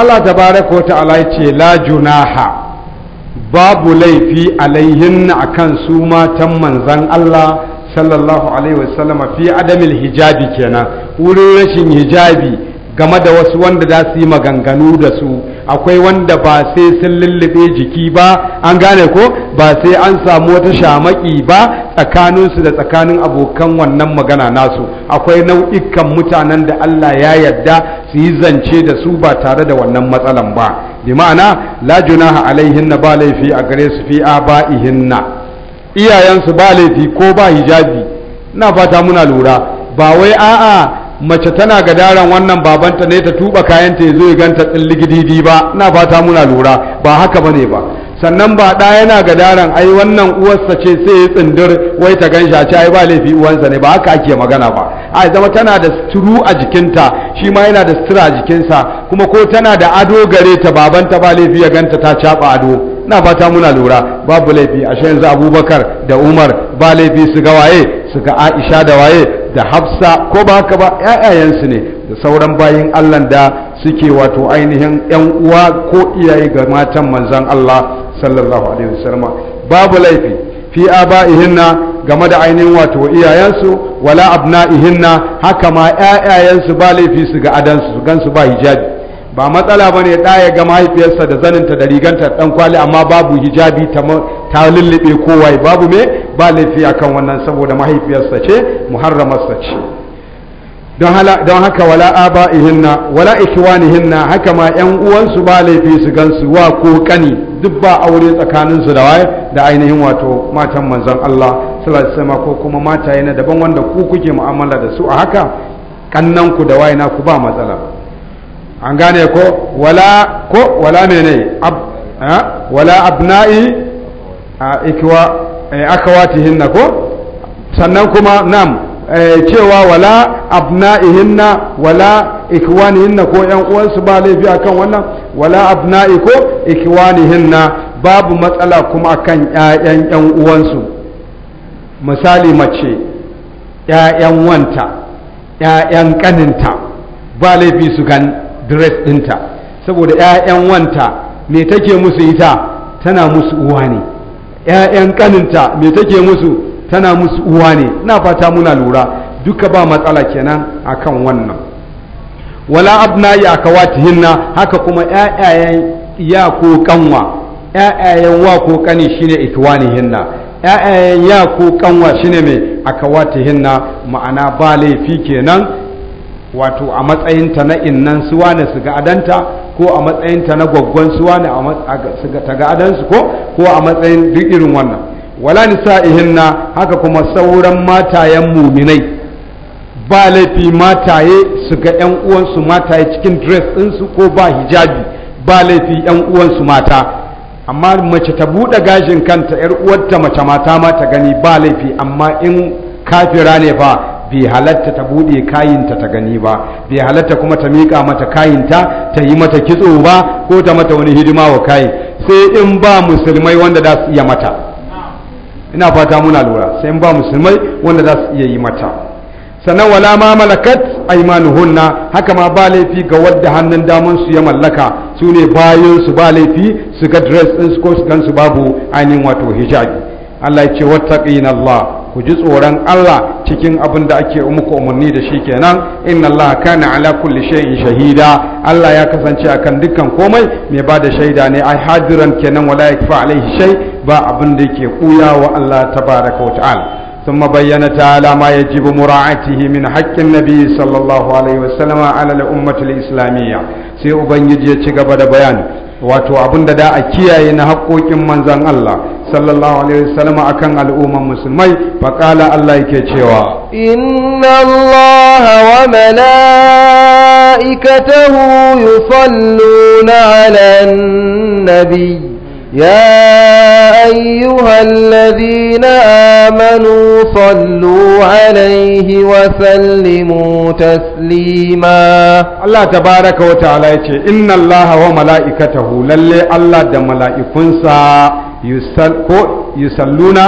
الله تبارك وتعالى لا جناح باب لي في عليهن أكن سوما تم زن الله صلى الله عليه وسلم في عدم الحجاب كنا ورشن hijabi كما da wasu wanda za su yi akwai wanda ba sai sun lullube jiki ba an gane ko ba sai an samu wata shamaki ba tsakaninsu da tsakanin abokan wannan magana nasu akwai nau'ikan mutanen da Allah ya yarda su yi zance da su ba tare da wannan matsalan ba bi ma'ana la junaha alaihinna ba laifi a gare su fi aba'ihinna iyayensu ba laifi ko ba hijabi na fata muna lura ba wai a'a mace tana gadaran wannan babanta ne ta tuba kayanta ya zo ya ganta tsilligididi ba na fata muna lura ba haka bane ba sannan ba ɗa yana gadaran ai wannan uwarsa ce sai ya tsindir wai ta gan shi ai ba laifi uwansa ne ba haka ake magana ba a zama tana da suturu a jikinta shi ma yana da sutura a jikinsa kuma ko tana da ado gare ta babanta ba laifi ya ganta ta caɓa ado na fata muna lura babu laifi a yanzu abubakar da umar ba laifi su ga waye su ga aisha da waye da hafsa ko ba haka ba ƴaƴayensu ne da sauran bayin allah da suke wato ainihin yan uwa ko iyaye ga matan manzan allah sallallahu alaihi wasallam babu laifi fi aba'ihinna game da ainihin wato iyayensu wala abna'ihinna haka ma ƴaƴayensu ba laifi su ga adansu su gansu ba hijabi ba matsala ba ne ɗaya ga mahaifiyarsa da zaninta da riganta ɗan kwali amma babu hijabi ta lullube kowai babu me ba laifi kan wannan saboda mahaifiyarsa ce muharramarsa ce don haka wala aba ihinna wala ikiwanihinna haka ma yan uwansu ba laifi su gansu wa ko kani duk ba aure tsakaninsu da waye da ainihin wato matan manzon Allah sallallahu alaihi ko kuma mataye na daban wanda ku kuke mu'amala da su a haka kannanku da waye ku ba matsala an gane ko wala ko wala mene ab wala abna'i ikwa eh, akawatihinna ko sannan kuma nam eh, cewa wala abna'ihinna wala ikwanihinna ko yan uwansu ba laifi akan wannan wala abna'i ko ikwanihinna babu matsala kuma akan ƴaƴan yan uwansu misali mace ƴaƴan wanta ƴaƴan kaninta ba laifi su gani. dress ɗinta saboda 'ya'yan wanta me take musu ita tana musu uwa ne 'ya'yan kaninta me take musu tana musu uwa ne na fata muna lura duka ba matsala kenan akan wannan wala abna'i akawatihinna haka kuma 'ya'yan ya ko kanwa 'ya'yan wa ko kani shine hinna ‘ya'yan ya ko kanwa shi ne mai hinna ma'ana ba laifi kenan wato a matsayinta na innan suwa ne su ga adanta ko a matsayinta na gwaggon suwa ne ta ga adansu ko ko a matsayin duk irin wannan wala na haka kuma sauran matayen muminai ba laifi mataye su ga yan uwansu mataye cikin dress ɗinsu ko ba hijabi ba laifi yan uwansu mata amma mace ta buɗe gashin kanta yar uwarta mace mata ma ta gani ba laifi amma in kafira ne ba. bai halatta ta bude kayinta ta gani ba bai halatta kuma ta miƙa mata kayinta ta yi mata kitso ba ko ta mata wani hidima wa kai sai in ba musulmai wanda za su iya mata ina fata muna lura sai in ba musulmai wanda za su iya yi mata sannan wala ma malakat aymanuhunna haka ma ba laifi ga wadda hannun daman su ya mallaka su ne bayan su ba laifi su ga dress din su ko su babu ainihin wato hijabi Allah ya ce wattaqina Allah ku ji tsoron Allah cikin abin da ake muku umarni da shi kenan inna Allah kana ala kulli shay'in shahida Allah ya kasance akan dukkan komai mai ba da shaida ne ai hadiran kenan wala yakfa alaihi shay ba abin da yake kuya wa Allah tabaraka wa ta'ala ثم بين تعالى ما يجب مراعاته من حق النبي صلى الله عليه وسلم على الأمة الإسلامية sai ubangiji ya ci gaba da bayani wato abin da da a kiyaye na haƙoƙin manzan Allah sallallahu alaihi wasallam akan al'umman musulmai baƙala Allah yake cewa inna Allah wa malaikatahu yusalluna 'alan nabiy يا أيها الذين آمنوا صلوا عليه وسلموا تسليما الله تبارك وتعالى إن الله وملائكته للي الله دا ملائكنسا يسلون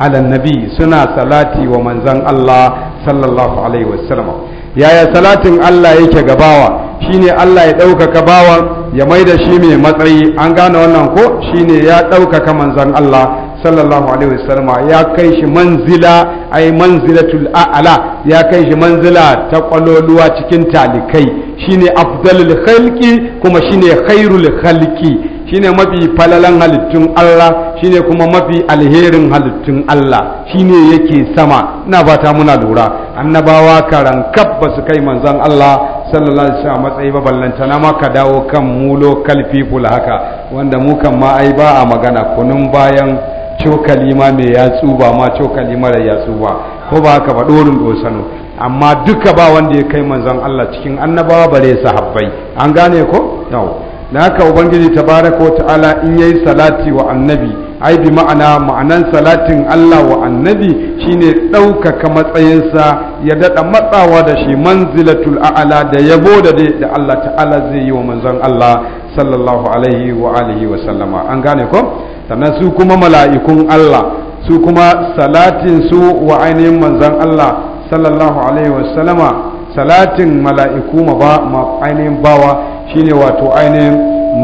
على النبي سنة صلاتي ومنزان الله صلى الله عليه وسلم yaya salatin Allah yake gabawa shine Allah ya ɗaukaka bawan ya mai da shi mai matsayi an gane wannan ko shine ya ɗaukaka manzon Allah sallallahu alaihi wasallam ya kai shi manzila ai manzilatul a'la ya kai shi manzila ta kwaloluwa cikin talikai shine afdalul khalqi kuma shine khairul khalqi shine mafi falalan halittun Allah shine kuma mafi alherin halittun Allah shine yake sama ina fata muna lura annabawa karan kab ba su kai manzon Allah sallallahu alaihi wasallam matsayi ba na ma ka dawo kan mulo kalfi haka wanda mu kan ma ai ba a magana kunun bayan cokali ma mai yatsu ba ma cokali mara yatsu ba ko ba haka ba dorin gosano amma duka ba wanda ya kai manzon Allah cikin annabawa bare habbai an gane ko yau da haka ubangiji tabaraka ta'ala in yayi salati wa annabi ai bi ma'ana ma'anan salatin Allah wa annabi shine ɗaukaka matsayinsa ya daɗa matsawa da shi manzilatul a'ala da yabo da da Allah ta'ala zai yi wa manzon Allah sallallahu alaihi wa alihi wa sallama an gane ko sannan su kuma mala'ikun Allah su kuma salatin su wa ainihin manzan Allah sallallahu alaihi wasallama salatin mala'iku ma ba ma ainihin bawa shi ne wato ainihin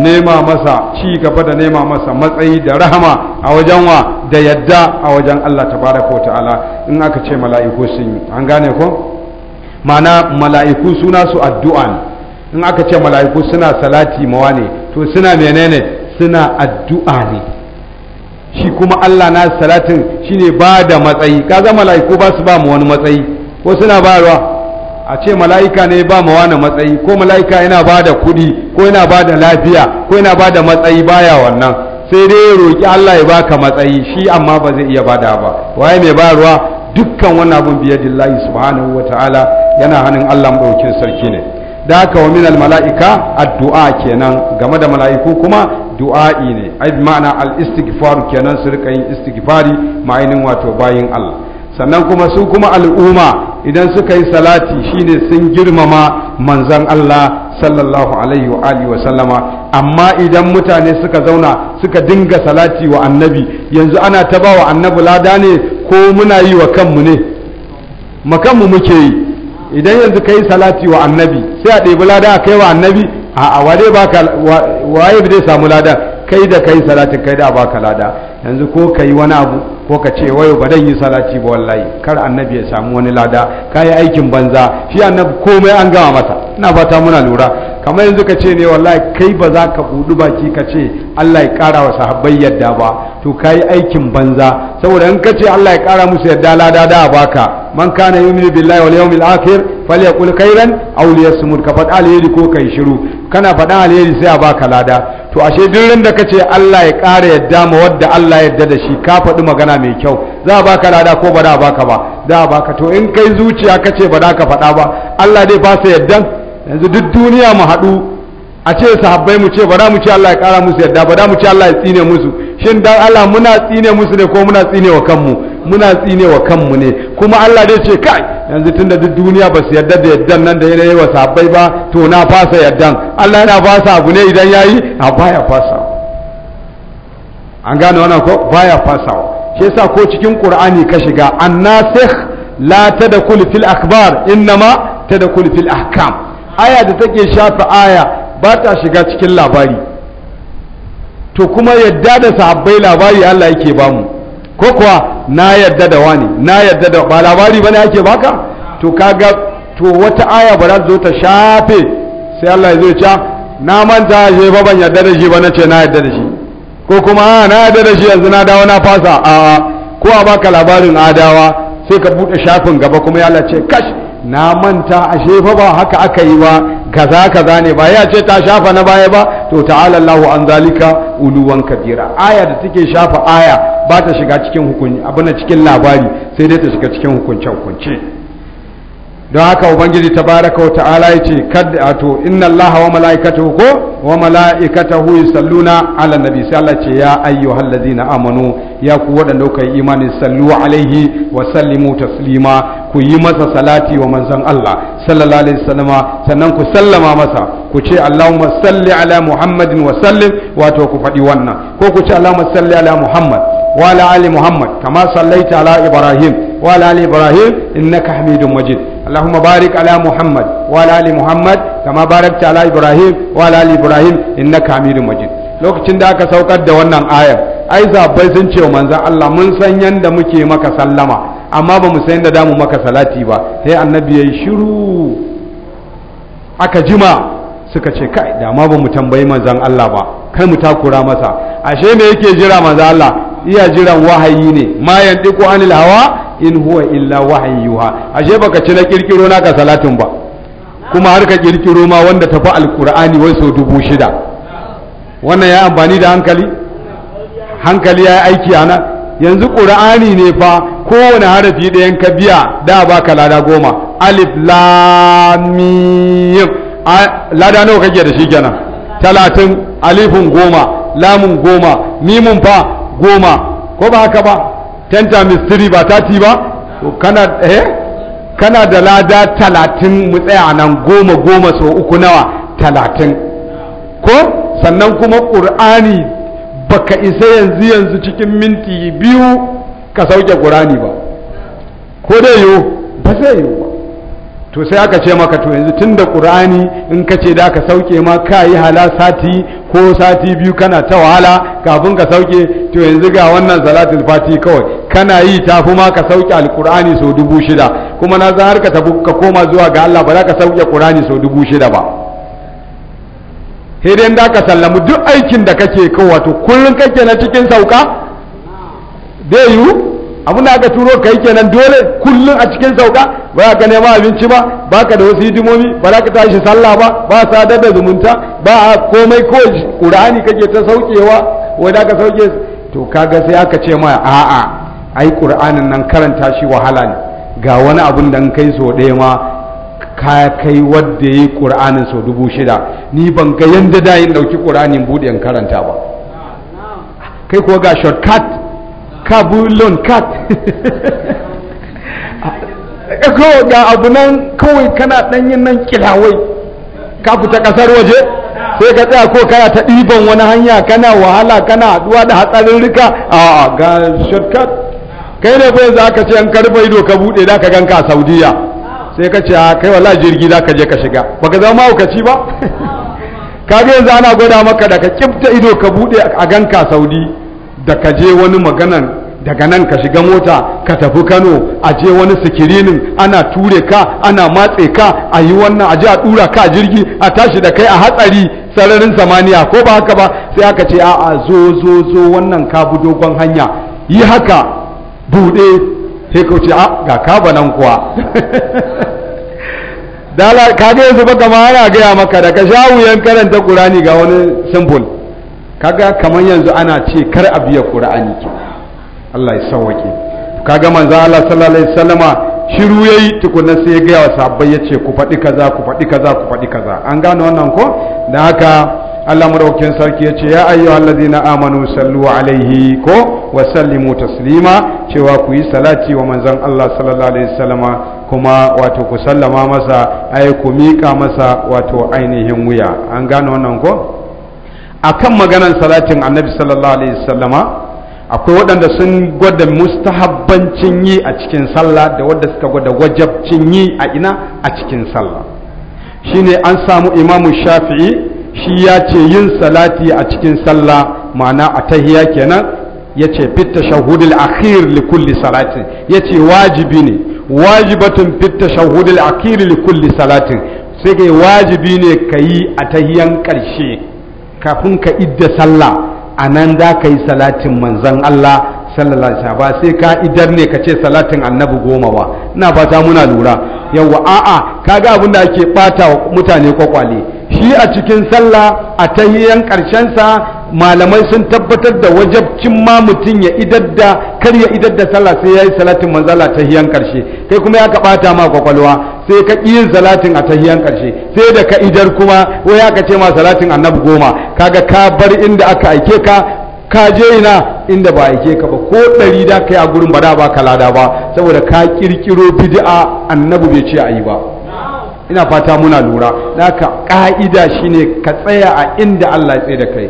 nema masa ci gaba da nema masa matsayi da rahama a wajen wa da yadda a wajen Allah tabaraka wa ta'ala in aka ce mala'iku sun yi an gane ko mana mala'iku suna su addu'a in aka ce mala'iku suna salati mawa ne to suna menene suna addu'a ne shi kuma Allah na salatin shine ba da matsayi kaga mala'iku ba su ba mu wani matsayi ko suna ba ruwa a ce mala'ika ne ba mu wani matsayi ko mala'ika yana ba da kuɗi ko yana ba da lafiya ko yana ba da matsayi baya wannan sai dai roƙi Allah ya baka matsayi shi amma ba zai iya bada ba waye mai ba ruwa dukkan wannan abun biyadillahi subhanahu wataala yana hannun Allah madaukin sarki ne da aka wa minal mala'ika addu'a kenan game da mala'iku kuma du'a'i ne ai ma'ana al-istighfar kenan su rika yin istighfari ma'ainin wato bayin Allah sannan kuma su kuma al'umma idan suka yi salati shine sun girmama manzan Allah sallallahu alaihi wa alihi wa sallama amma idan mutane suka zauna suka dinga salati wa annabi yanzu ana ta ba wa annabi lada ne ko muna yi wa kanmu ne makanmu muke yi idan yanzu kai salati wa annabi sai a ɗebi lada a kai wa annabi a waye ka waye zai samu lada kai da kai salati kai da ka lada yanzu ko ka yi wani abu ko ka ce wayo ba dan yi salati ba wallahi kar annabi ya samu wani lada kai aikin banza shi annabi komai an gama masa ina fata muna lura kamar yanzu ka ce ne wallahi kai ba za ka budu baki ka ce Allah ya kara wa sahabbai yadda ba to kai aikin banza saboda in kace Allah ya kara musu yadda lada da baka man kana yu'minu billahi wal yawmil akhir falyakul khairan aw liyasmud ka fada alheri ko kai shiru kana faɗa alheri sai a baka lada to ashe duk ran da kace Allah ya kara yadda ma wadda Allah ya yadda da shi ka faɗi magana mai kyau za a baka lada ko ba da baka ba za a baka to in kai zuciya kace ba da ka faɗa ba Allah dai ba sa yadda yanzu duk duniya mu haɗu a ce sahabbai mu ce bara mu ce Allah ya kara musu yadda bara mu ce Allah ya tsine musu shin dan Allah muna tsine musu ne ko muna tsine wa kanmu muna tsine wa kanmu ne kuma Allah dai ce kai yanzu tunda duk duniya ba su yadda da yaddan nan da yi wa sahabbai ba to na fasa yaddan Allah yana fasa abu ne idan yayi a baya fasa an gane wannan ko baya fasa shi yasa ko cikin Qur'ani ka shiga annasikh la tadkhul fil akhbar inma tadkhul fil ahkam aya da take shafa aya ba ta shiga cikin labari to kuma yadda da sahabbai labari Allah yake bamu ko kuwa na yadda da wani na yadda da ba labari bane ake baka to kaga to wata aya ba za ta zo ta shafe sai Allah ya zo ya na manta shi ba ban yadda da shi ba na ce na yadda da shi ko kuma a ah, na yadda da shi yanzu na dawo na fasa a ko a baka labarin adawa sai ka bude shafin gaba kuma ya Allah ce kash na manta ashe fa ba haka aka yi ba kaza kaza ne ba ya ce ta shafa na baya ba to ta'ala Allahu an zalika uluwan kabira aya da take shafa aya ba ta shiga cikin hukunci abin da cikin labari sai dai ta shiga cikin hukunce hukunce don haka ubangiji tabaraka wa ta'ala yace kad to inna Allaha wa malaikatahu ko wa malaikatahu yusalluna ala nabi sai Allah ce ya ladina amanu ya ku wadanda kuka yi imani sallu alaihi wa sallimu taslima ku yi masa salati wa manzon Allah sallallahu alaihi wasallama sannan ku sallama masa ku ce Allahumma salli ala Muhammadin wa sallim wato ku faɗi wannan ko ku ce Allahumma salli ala Muhammad wa ala ali Muhammad kama sallaita ala Ibrahim wa ala ali Ibrahim innaka Hamidum Majid اللهم بارك على محمد وعلى ال محمد كما باركت على ابراهيم وعلى ال ابراهيم انك حميد مجيد lokacin da aka saukar da wannan ayar ai zabbai sun ce manzon Allah mun san yanda muke maka sallama amma ba mu san da damu maka salati ba sai annabi yayi shiru aka jima suka ce kai da ma ba mu tambayi manzon Allah ba kai mu takura masa ashe me yake jira manzon Allah iya jiran wahayi ne ma yandiku anil hawa in huwa illa wahayuha ashe baka ci na kirkiro naka salatin ba kuma har ka kirkiro ma wanda tafi alkur'ani wai so dubu shida wannan ya amfani da hankali hankali ya yi aiki a nan yanzu ƙur'ani ne fa kowane harafi da yanka biya da ba ka lada goma alif lamim lada nawa kake da shi kenan talatin alifin goma lamun goma mimun fa goma ko ba haka ba tenta mistiri ba tati ba kana eh kana da lada talatin mu tsaya nan goma goma sau uku nawa talatin ko sannan kuma ƙur'ani baka isa yanzu yanzu cikin minti biyu ka sauke ƙurani ba ko dai yiwu ba zai yiwu ba to sai aka ce maka to yanzu tun da ƙur'ani in ka ce da aka sauke ma ka yi hala sati ko sati biyu kana ta wahala kafin ka sauke to yanzu ga wannan salatul fati kawai kana yi tafi ma ka sauke alƙur'ani sau dubu shida kuma na za harka ka tafi ka koma zuwa ga Allah ba za ka sauke ƙur'ani sau dubu shida ba sai dai da ka sallamu duk aikin da kake kai wato kullum kake na cikin sauka zai yiwu abin da aka turo kai kenan dole kullum a cikin sauka ba ka neman abinci ba ba ka da wasu hidimomi ba za ka tashi sallah ba ba sadar da zumunta ba a komai ko ƙur'ani kake ta saukewa wai da ka sauke to kaga sai aka ce ma a'a ai ƙur'anin nan karanta shi wahala ne ga wani abun da kai so ɗaya ma ka kai wadda ya yi ƙura'anin sau dubu shida ni ban ga yadda da yin ɗauki ƙura'anin buɗe karanta ba kai kuwa ga shortcut ka bulon cut <laughs> eh, ga abu nan kawai kana ɗanyin nan kilawai ka fita ƙasar waje sai ka tsaya ko kana ta ɗiban wani hanya kana wahala kana haɗuwa da hatsarin rika a ga shortcut kai ne bai za ka ce an karɓa ido ka buɗe da ka ganka a saudiya sai ka ce kai wallahi jirgi za ka je ka shiga ba ka zama mahaukaci ba <laughs> ka ga yanzu ana gwada maka da ka kifta ido ka bude a ganka saudi da ka je wani maganan daga nan ka shiga mota ka tafi kano a je wani sikirinin ana ture ka ana matse ka a yi wannan a je a dura ka jirgi a tashi da kai a hatsari sararin samaniya ko ba haka ba sai aka ce a'a zo zo zo wannan ka bi dogon hanya yi haka bude sai ka ce a ah, ga kaba nan kuwa dala ka ga yanzu baka ma ana gaya maka da ka sha wuyan karanta qur'ani ga wani simple kaga kamar yanzu ana ce kar a biya qur'ani Allah ya sauke kaga manzo Allah sallallahu alaihi wasallama shiru yayi tukunna sai ya gaya wa sahabbai yace ku faɗi kaza ku faɗi kaza ku faɗi kaza an gane wannan ko da haka Allah madaukakin sarki ya ce ya ayyuhal ladina amanu sallu alaihi ko wa sallimu taslima cewa ku yi salati wa manzon Allah sallallahu alaihi wasallama kuma wato ku sallama masa ai ku mika masa wato ainihin wuya an gane wannan ko akan maganan salatin annabi sallallahu alaihi wasallama akwai waɗanda sun gwada mustahabbancin yi a cikin sallah da wadda suka gwada wajabcin yi a ina a cikin sallah shine an samu imamu shafi'i shi ya ce yin salati a cikin sallah ma'ana a tahiya kenan ya ce fitta shahudul akhir li kulli salatin ya ce wajibi ne wajibatun fitta shahudul akhir li kulli salatin sai ga wajibi ne ka yi a tahiyan karshe kafin ka idda sallah a nan za ka yi salatin manzan Allah sallallahu alaihi ba sai ka idar ne ka ce salatin annabi goma ba ina fata muna lura yawa a'a kaga abin da ake bata wa mutane kwakwale shi a cikin sallah a tahiyan sa malamai sun tabbatar da wajabcin ma mutum ya idar da kar ya idar da sallah sai ya yi salatin manzala tahiyan karshe kai kuma ya ka bata ma kwakwalwa sai ka yin salatin a tahiyan karshe sai da ka idar kuma wai ka ce ma salatin annabi goma kaga ka bar inda aka aike ka ka je ina inda ba aike ka ba ko ɗari da kai a gurin ba da ba kalada ba saboda ka kirkiro bid'a annabi bai ce a yi ba ina fata muna lura naka ka'ida shine ka tsaya a inda Allah ya tsaye da kai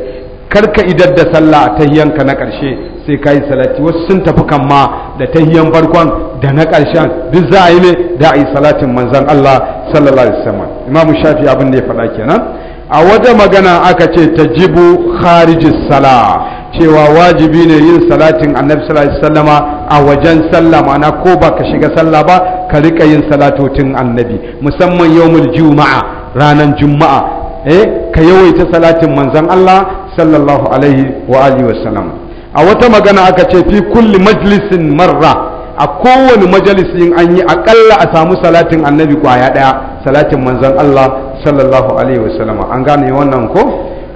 karka idar da sallah a tahiyanka na ƙarshe sai ka yi salati wasu sun tafi kan ma da tahiyan farkon da na ƙarshen duk za a yi ne da a yi salatin manzan Allah sallallahu alaihi wasallam imamu shafi abin da ya faɗa kenan a wata magana aka ce ta jibu kharijis sala cewa wajibi ne yin salatin annabi sallallahu alaihi wasallama a wajen sallah ma'ana ko ba ka shiga sallah ba ka rika yin salatocin annabi musamman yawmul juma'a ranan juma'a eh ka yawaita salatin manzon Allah sallallahu alaihi wa alihi wasallam a wata magana aka ce fi kulli majlisin marra a kowane majalisi an yi akalla a samu salatin annabi kwaya daya salatin manzon Allah sallallahu alaihi wasallam an gane wannan ko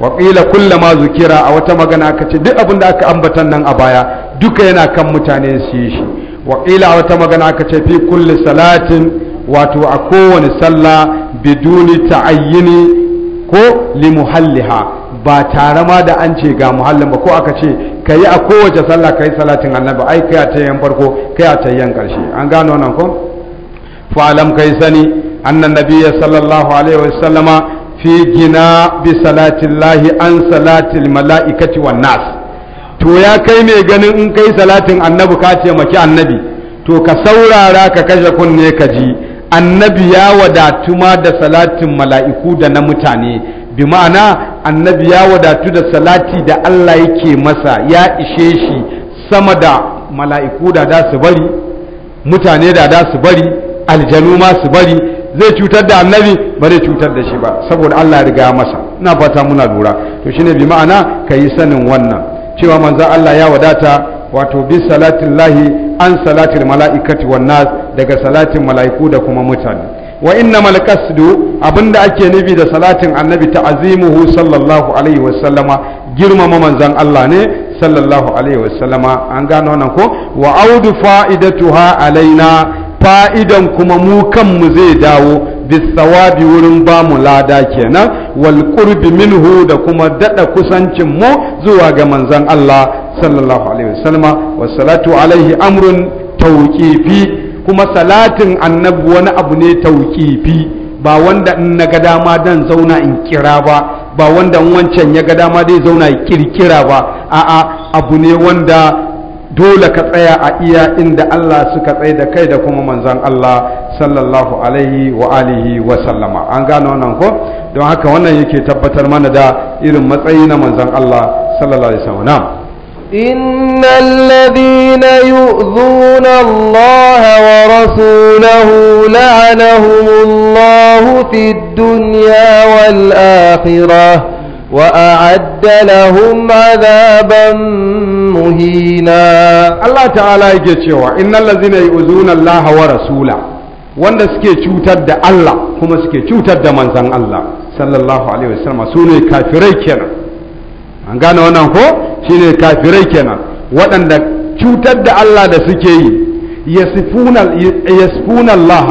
wa qila ma zukira a wata magana aka ce duk abin da aka ambata nan a baya duka yana kan mutane su yi shi waƙila wata magana aka ce fi kulli salatin wato a kowane sallah biduni ta'ayyini ko li muhalliha ba tare ma da an ce ga muhallin ba ko aka ce ka yi a kowace sallah ka yi salatin annabi ai kai a tayyan farko kai a tayyan ƙarshe an gano wannan ko Fa alam kai sani annan nabiyya sallallahu alaihi wa wasallama fi gina bi salatillahi an salatil mala'ikati wan nas to ya kai mai ganin in kai salatin annabi ka ce maki annabi to ka saurara ka kashe kunne ka ji annabi ya wadatu ma da salatin mala'iku da na mutane bi ma'ana annabi ya wadatu da salati da Allah yake masa ya ishe shi sama da mala'iku da da su bari mutane da da su bari aljanu ma su bari zai cutar da annabi ba zai cutar da shi ba saboda Allah ya riga masa ina fata muna lura to shine bi ma'ana ka yi sanin wannan cewa manzan Allah ya wadata wato bi salatin lahi an salatin mala'ikati wannan daga salatin mala'iku da kuma mutane wa inna mal abinda ake nufi da salatin annabi azimuhu, sallallahu alaihi wasallama girmama manzan Allah ne sallallahu alaihi wasallama an gano wannan ko wa audu fa'idatuha alaina fa'idan kuma mu kanmu zai dawo bisawabi wurin ba mu lada kenan wal qurbi minhu da kuma dada kusancin mu zuwa ga manzon Allah sallallahu alaihi wasallama salatu alaihi amrun tawqifi kuma salatin annabi wani abu ne tawqifi ba wanda in na ga dama dan zauna in kira ba ba wanda wancan ya ga dama dai zauna ya kirkira ba a'a abu ne wanda dole ka tsaya a iya inda Allah suka tsaye da kai da kuma manzon Allah sallallahu alaihi wa alihi wa sallama an gano wannan ko don haka wannan yake tabbatar mana da irin matsayi na manzon Allah sallallahu alaihi wasallam na'am innal ladina yu'zuna Allah wa rasulahu la'anahumullahu fid dunya wal akhirah وأعد لهم عذابا مهينا الله تعالى يجي إن الذين يؤذون الله ورسوله wanda suke cutar da Allah kuma suke cutar da manzan Allah sallallahu alaihi wasallam su ne kafirai kenan an gane wannan ko shine kafirai kenan waɗanda cutar da Allah da suke yi yasfuna Allah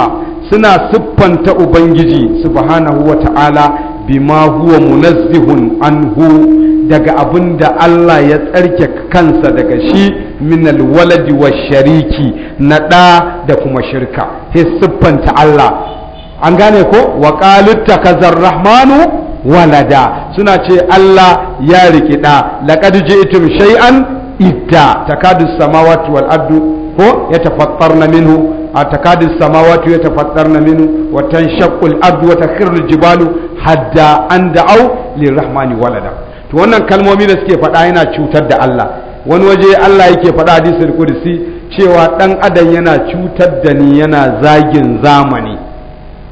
suna siffanta ubangiji subhanahu wa ta'ala bima huwa munazzihun anhu daga abinda Allah ya tsarke kansa daga shi min alwaladi wa shariki na ɗa da kuma shirka sai siffanta Allah an gane ko wa qaluta kazar rahmanu walada suna ce Allah ya riki ɗa laqad ji'tum shay'an idda takadu samawati wal ardu ko yatafattarna minhu atakadu samawati yatafattarna minhu wa tanshaqqu ardu wa takhirru jibalu hadda an da'aw lirrahmani walada to wannan kalmomi da suke faɗa yana cutar da Allah wani waje Allah yake faɗa hadisul kursi cewa ɗan adam yana cutar da ni yana zagin zamani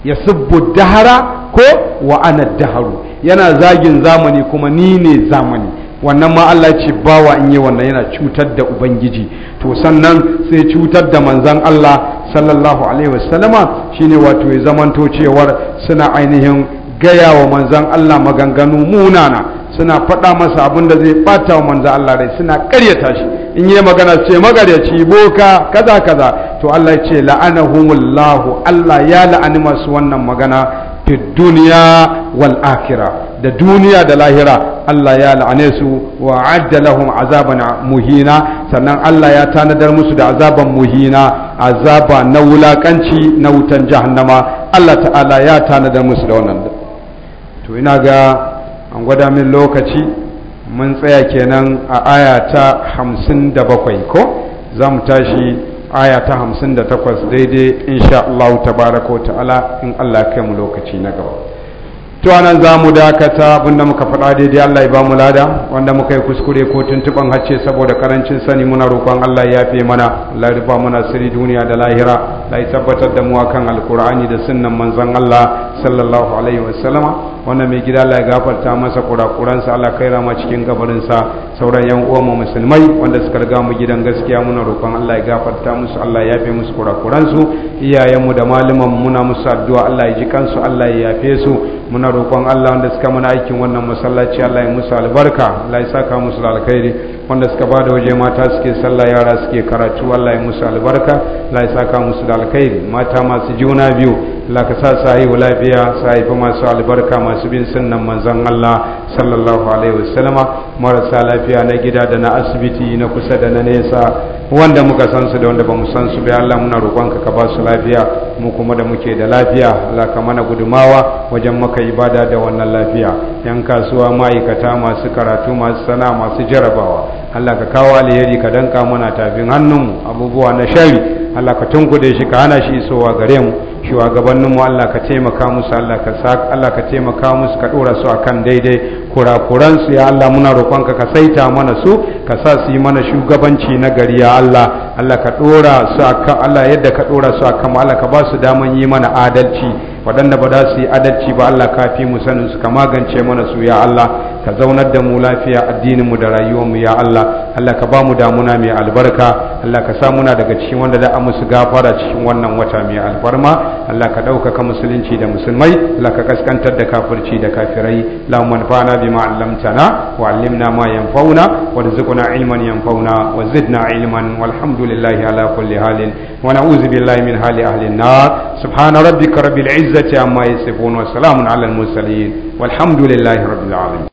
ya subbu dahara ko wa ana daharu yana zagin zamani kuma ni ne zamani wannan ma Allah ce bawa in yi wannan yana cutar da ubangiji to sannan sai cutar da manzan Allah sallallahu alaihi wasallama shine wato ya zamanto cewar suna ainihin gaya wa manzan Allah maganganu munana suna faɗa masa abin da zai ɓata wa manzo Allah rai suna ƙaryata shi in yi magana ce magaryaci boka kaza kaza to Allah ya ce la'anahumullahu Allah ya la'ani masu wannan magana fi duniya wal akhirah da duniya da lahira Allah ya la'ane su wa adda azaban muhina sannan Allah ya tanadar musu da azaban muhina azaba na wulakanci na wutan jahannama Allah ta'ala ya tanadar musu da wannan to ina ga an gwada min lokaci mun tsaya kenan a aya ta hamsin da bakwai ko za mu tashi aya ta hamsin da takwas daidai insha Allah ta tabaraka ta'ala in Allah kai mu lokaci na gaba to anan za mu dakata abinda muka faɗa daidai Allah ya ba mu lada wanda muka yi kuskure ko tuntuɓan hacce saboda karancin sani muna roƙon Allah ya fi mana Allah ya rufa mana sirri duniya da lahira la tabbatar da mu akan alkur'ani da sunnan manzon Allah sallallahu alaihi wasallama wannan mai gida Allah ya gafarta masa sa Allah kai rama cikin gabarinsa sauran yan uwan mu musulmai wanda suka riga mu gidan gaskiya muna roƙon Allah ya gafarta musu Allah ya yafe musu su iyayen mu da malaman muna musu addu'a Allah ya ji kansu Allah ya yafe su muna roƙon Allah wanda suka muna aikin wannan masallaci Allah ya musu albarka Allah ya saka musu alkhairi wanda suka ba da waje mata suke sallah yara suke karatu Allah ya musu albarka Allah ya saka musu da alkhairi mata masu juna biyu Allah ka sa su haihu lafiya su haifi masu albarka masu bin sunnan manzon Allah sallallahu alaihi wasallama marasa lafiya na gida da na asibiti na kusa da na nesa wanda muka san su da wanda bamu san su ba Allah muna roƙon ka ba su lafiya mu kuma da muke da lafiya Allah ka mana gudumawa wajen maka ibada da wannan lafiya yan kasuwa ma'aikata masu karatu masu sana'a masu jarabawa Allah ka kawo alheri ka danka mana tafin hannunmu abubuwa na shari Allah ka tunkude shi ka hana shi isowa gare mu shugabanninmu Allah ka taimaka musu Allah ka sa Allah ka taimaka musu ka dora su akan daidai kurakuran su ya Allah muna roƙonka ka saita mana su ka sa su yi mana shugabanci na gari ya Allah Allah ka dora su akan Allah yadda ka dora su akan Allah ka ba su daman yi mana adalci waɗanda ba za su yi adalci ba Allah ka fi mu sanin su ka magance mana su ya Allah ka zaunar da mu lafiya addininmu da rayuwar mu ya Allah Allah ka ba mu damuna mai albarka Allah ka sa muna daga cikin wanda da musu gafara cikin wannan wata mai alfarma Allah ka ɗaukaka musulunci da musulmai Allah ka kaskantar da kafirci da kafirai la manfa'na bima 'allamtana wa 'allimna ma yanfa'una warzuqna ilman yanfa'una wa zidna ilman walhamdulillahi ala kulli halin wa na'udzu billahi min hali ahli an-nar subhana rabbika rabbil 'izzati amma yasifun wa salamun 'alal mursalin walhamdulillahi rabbil alamin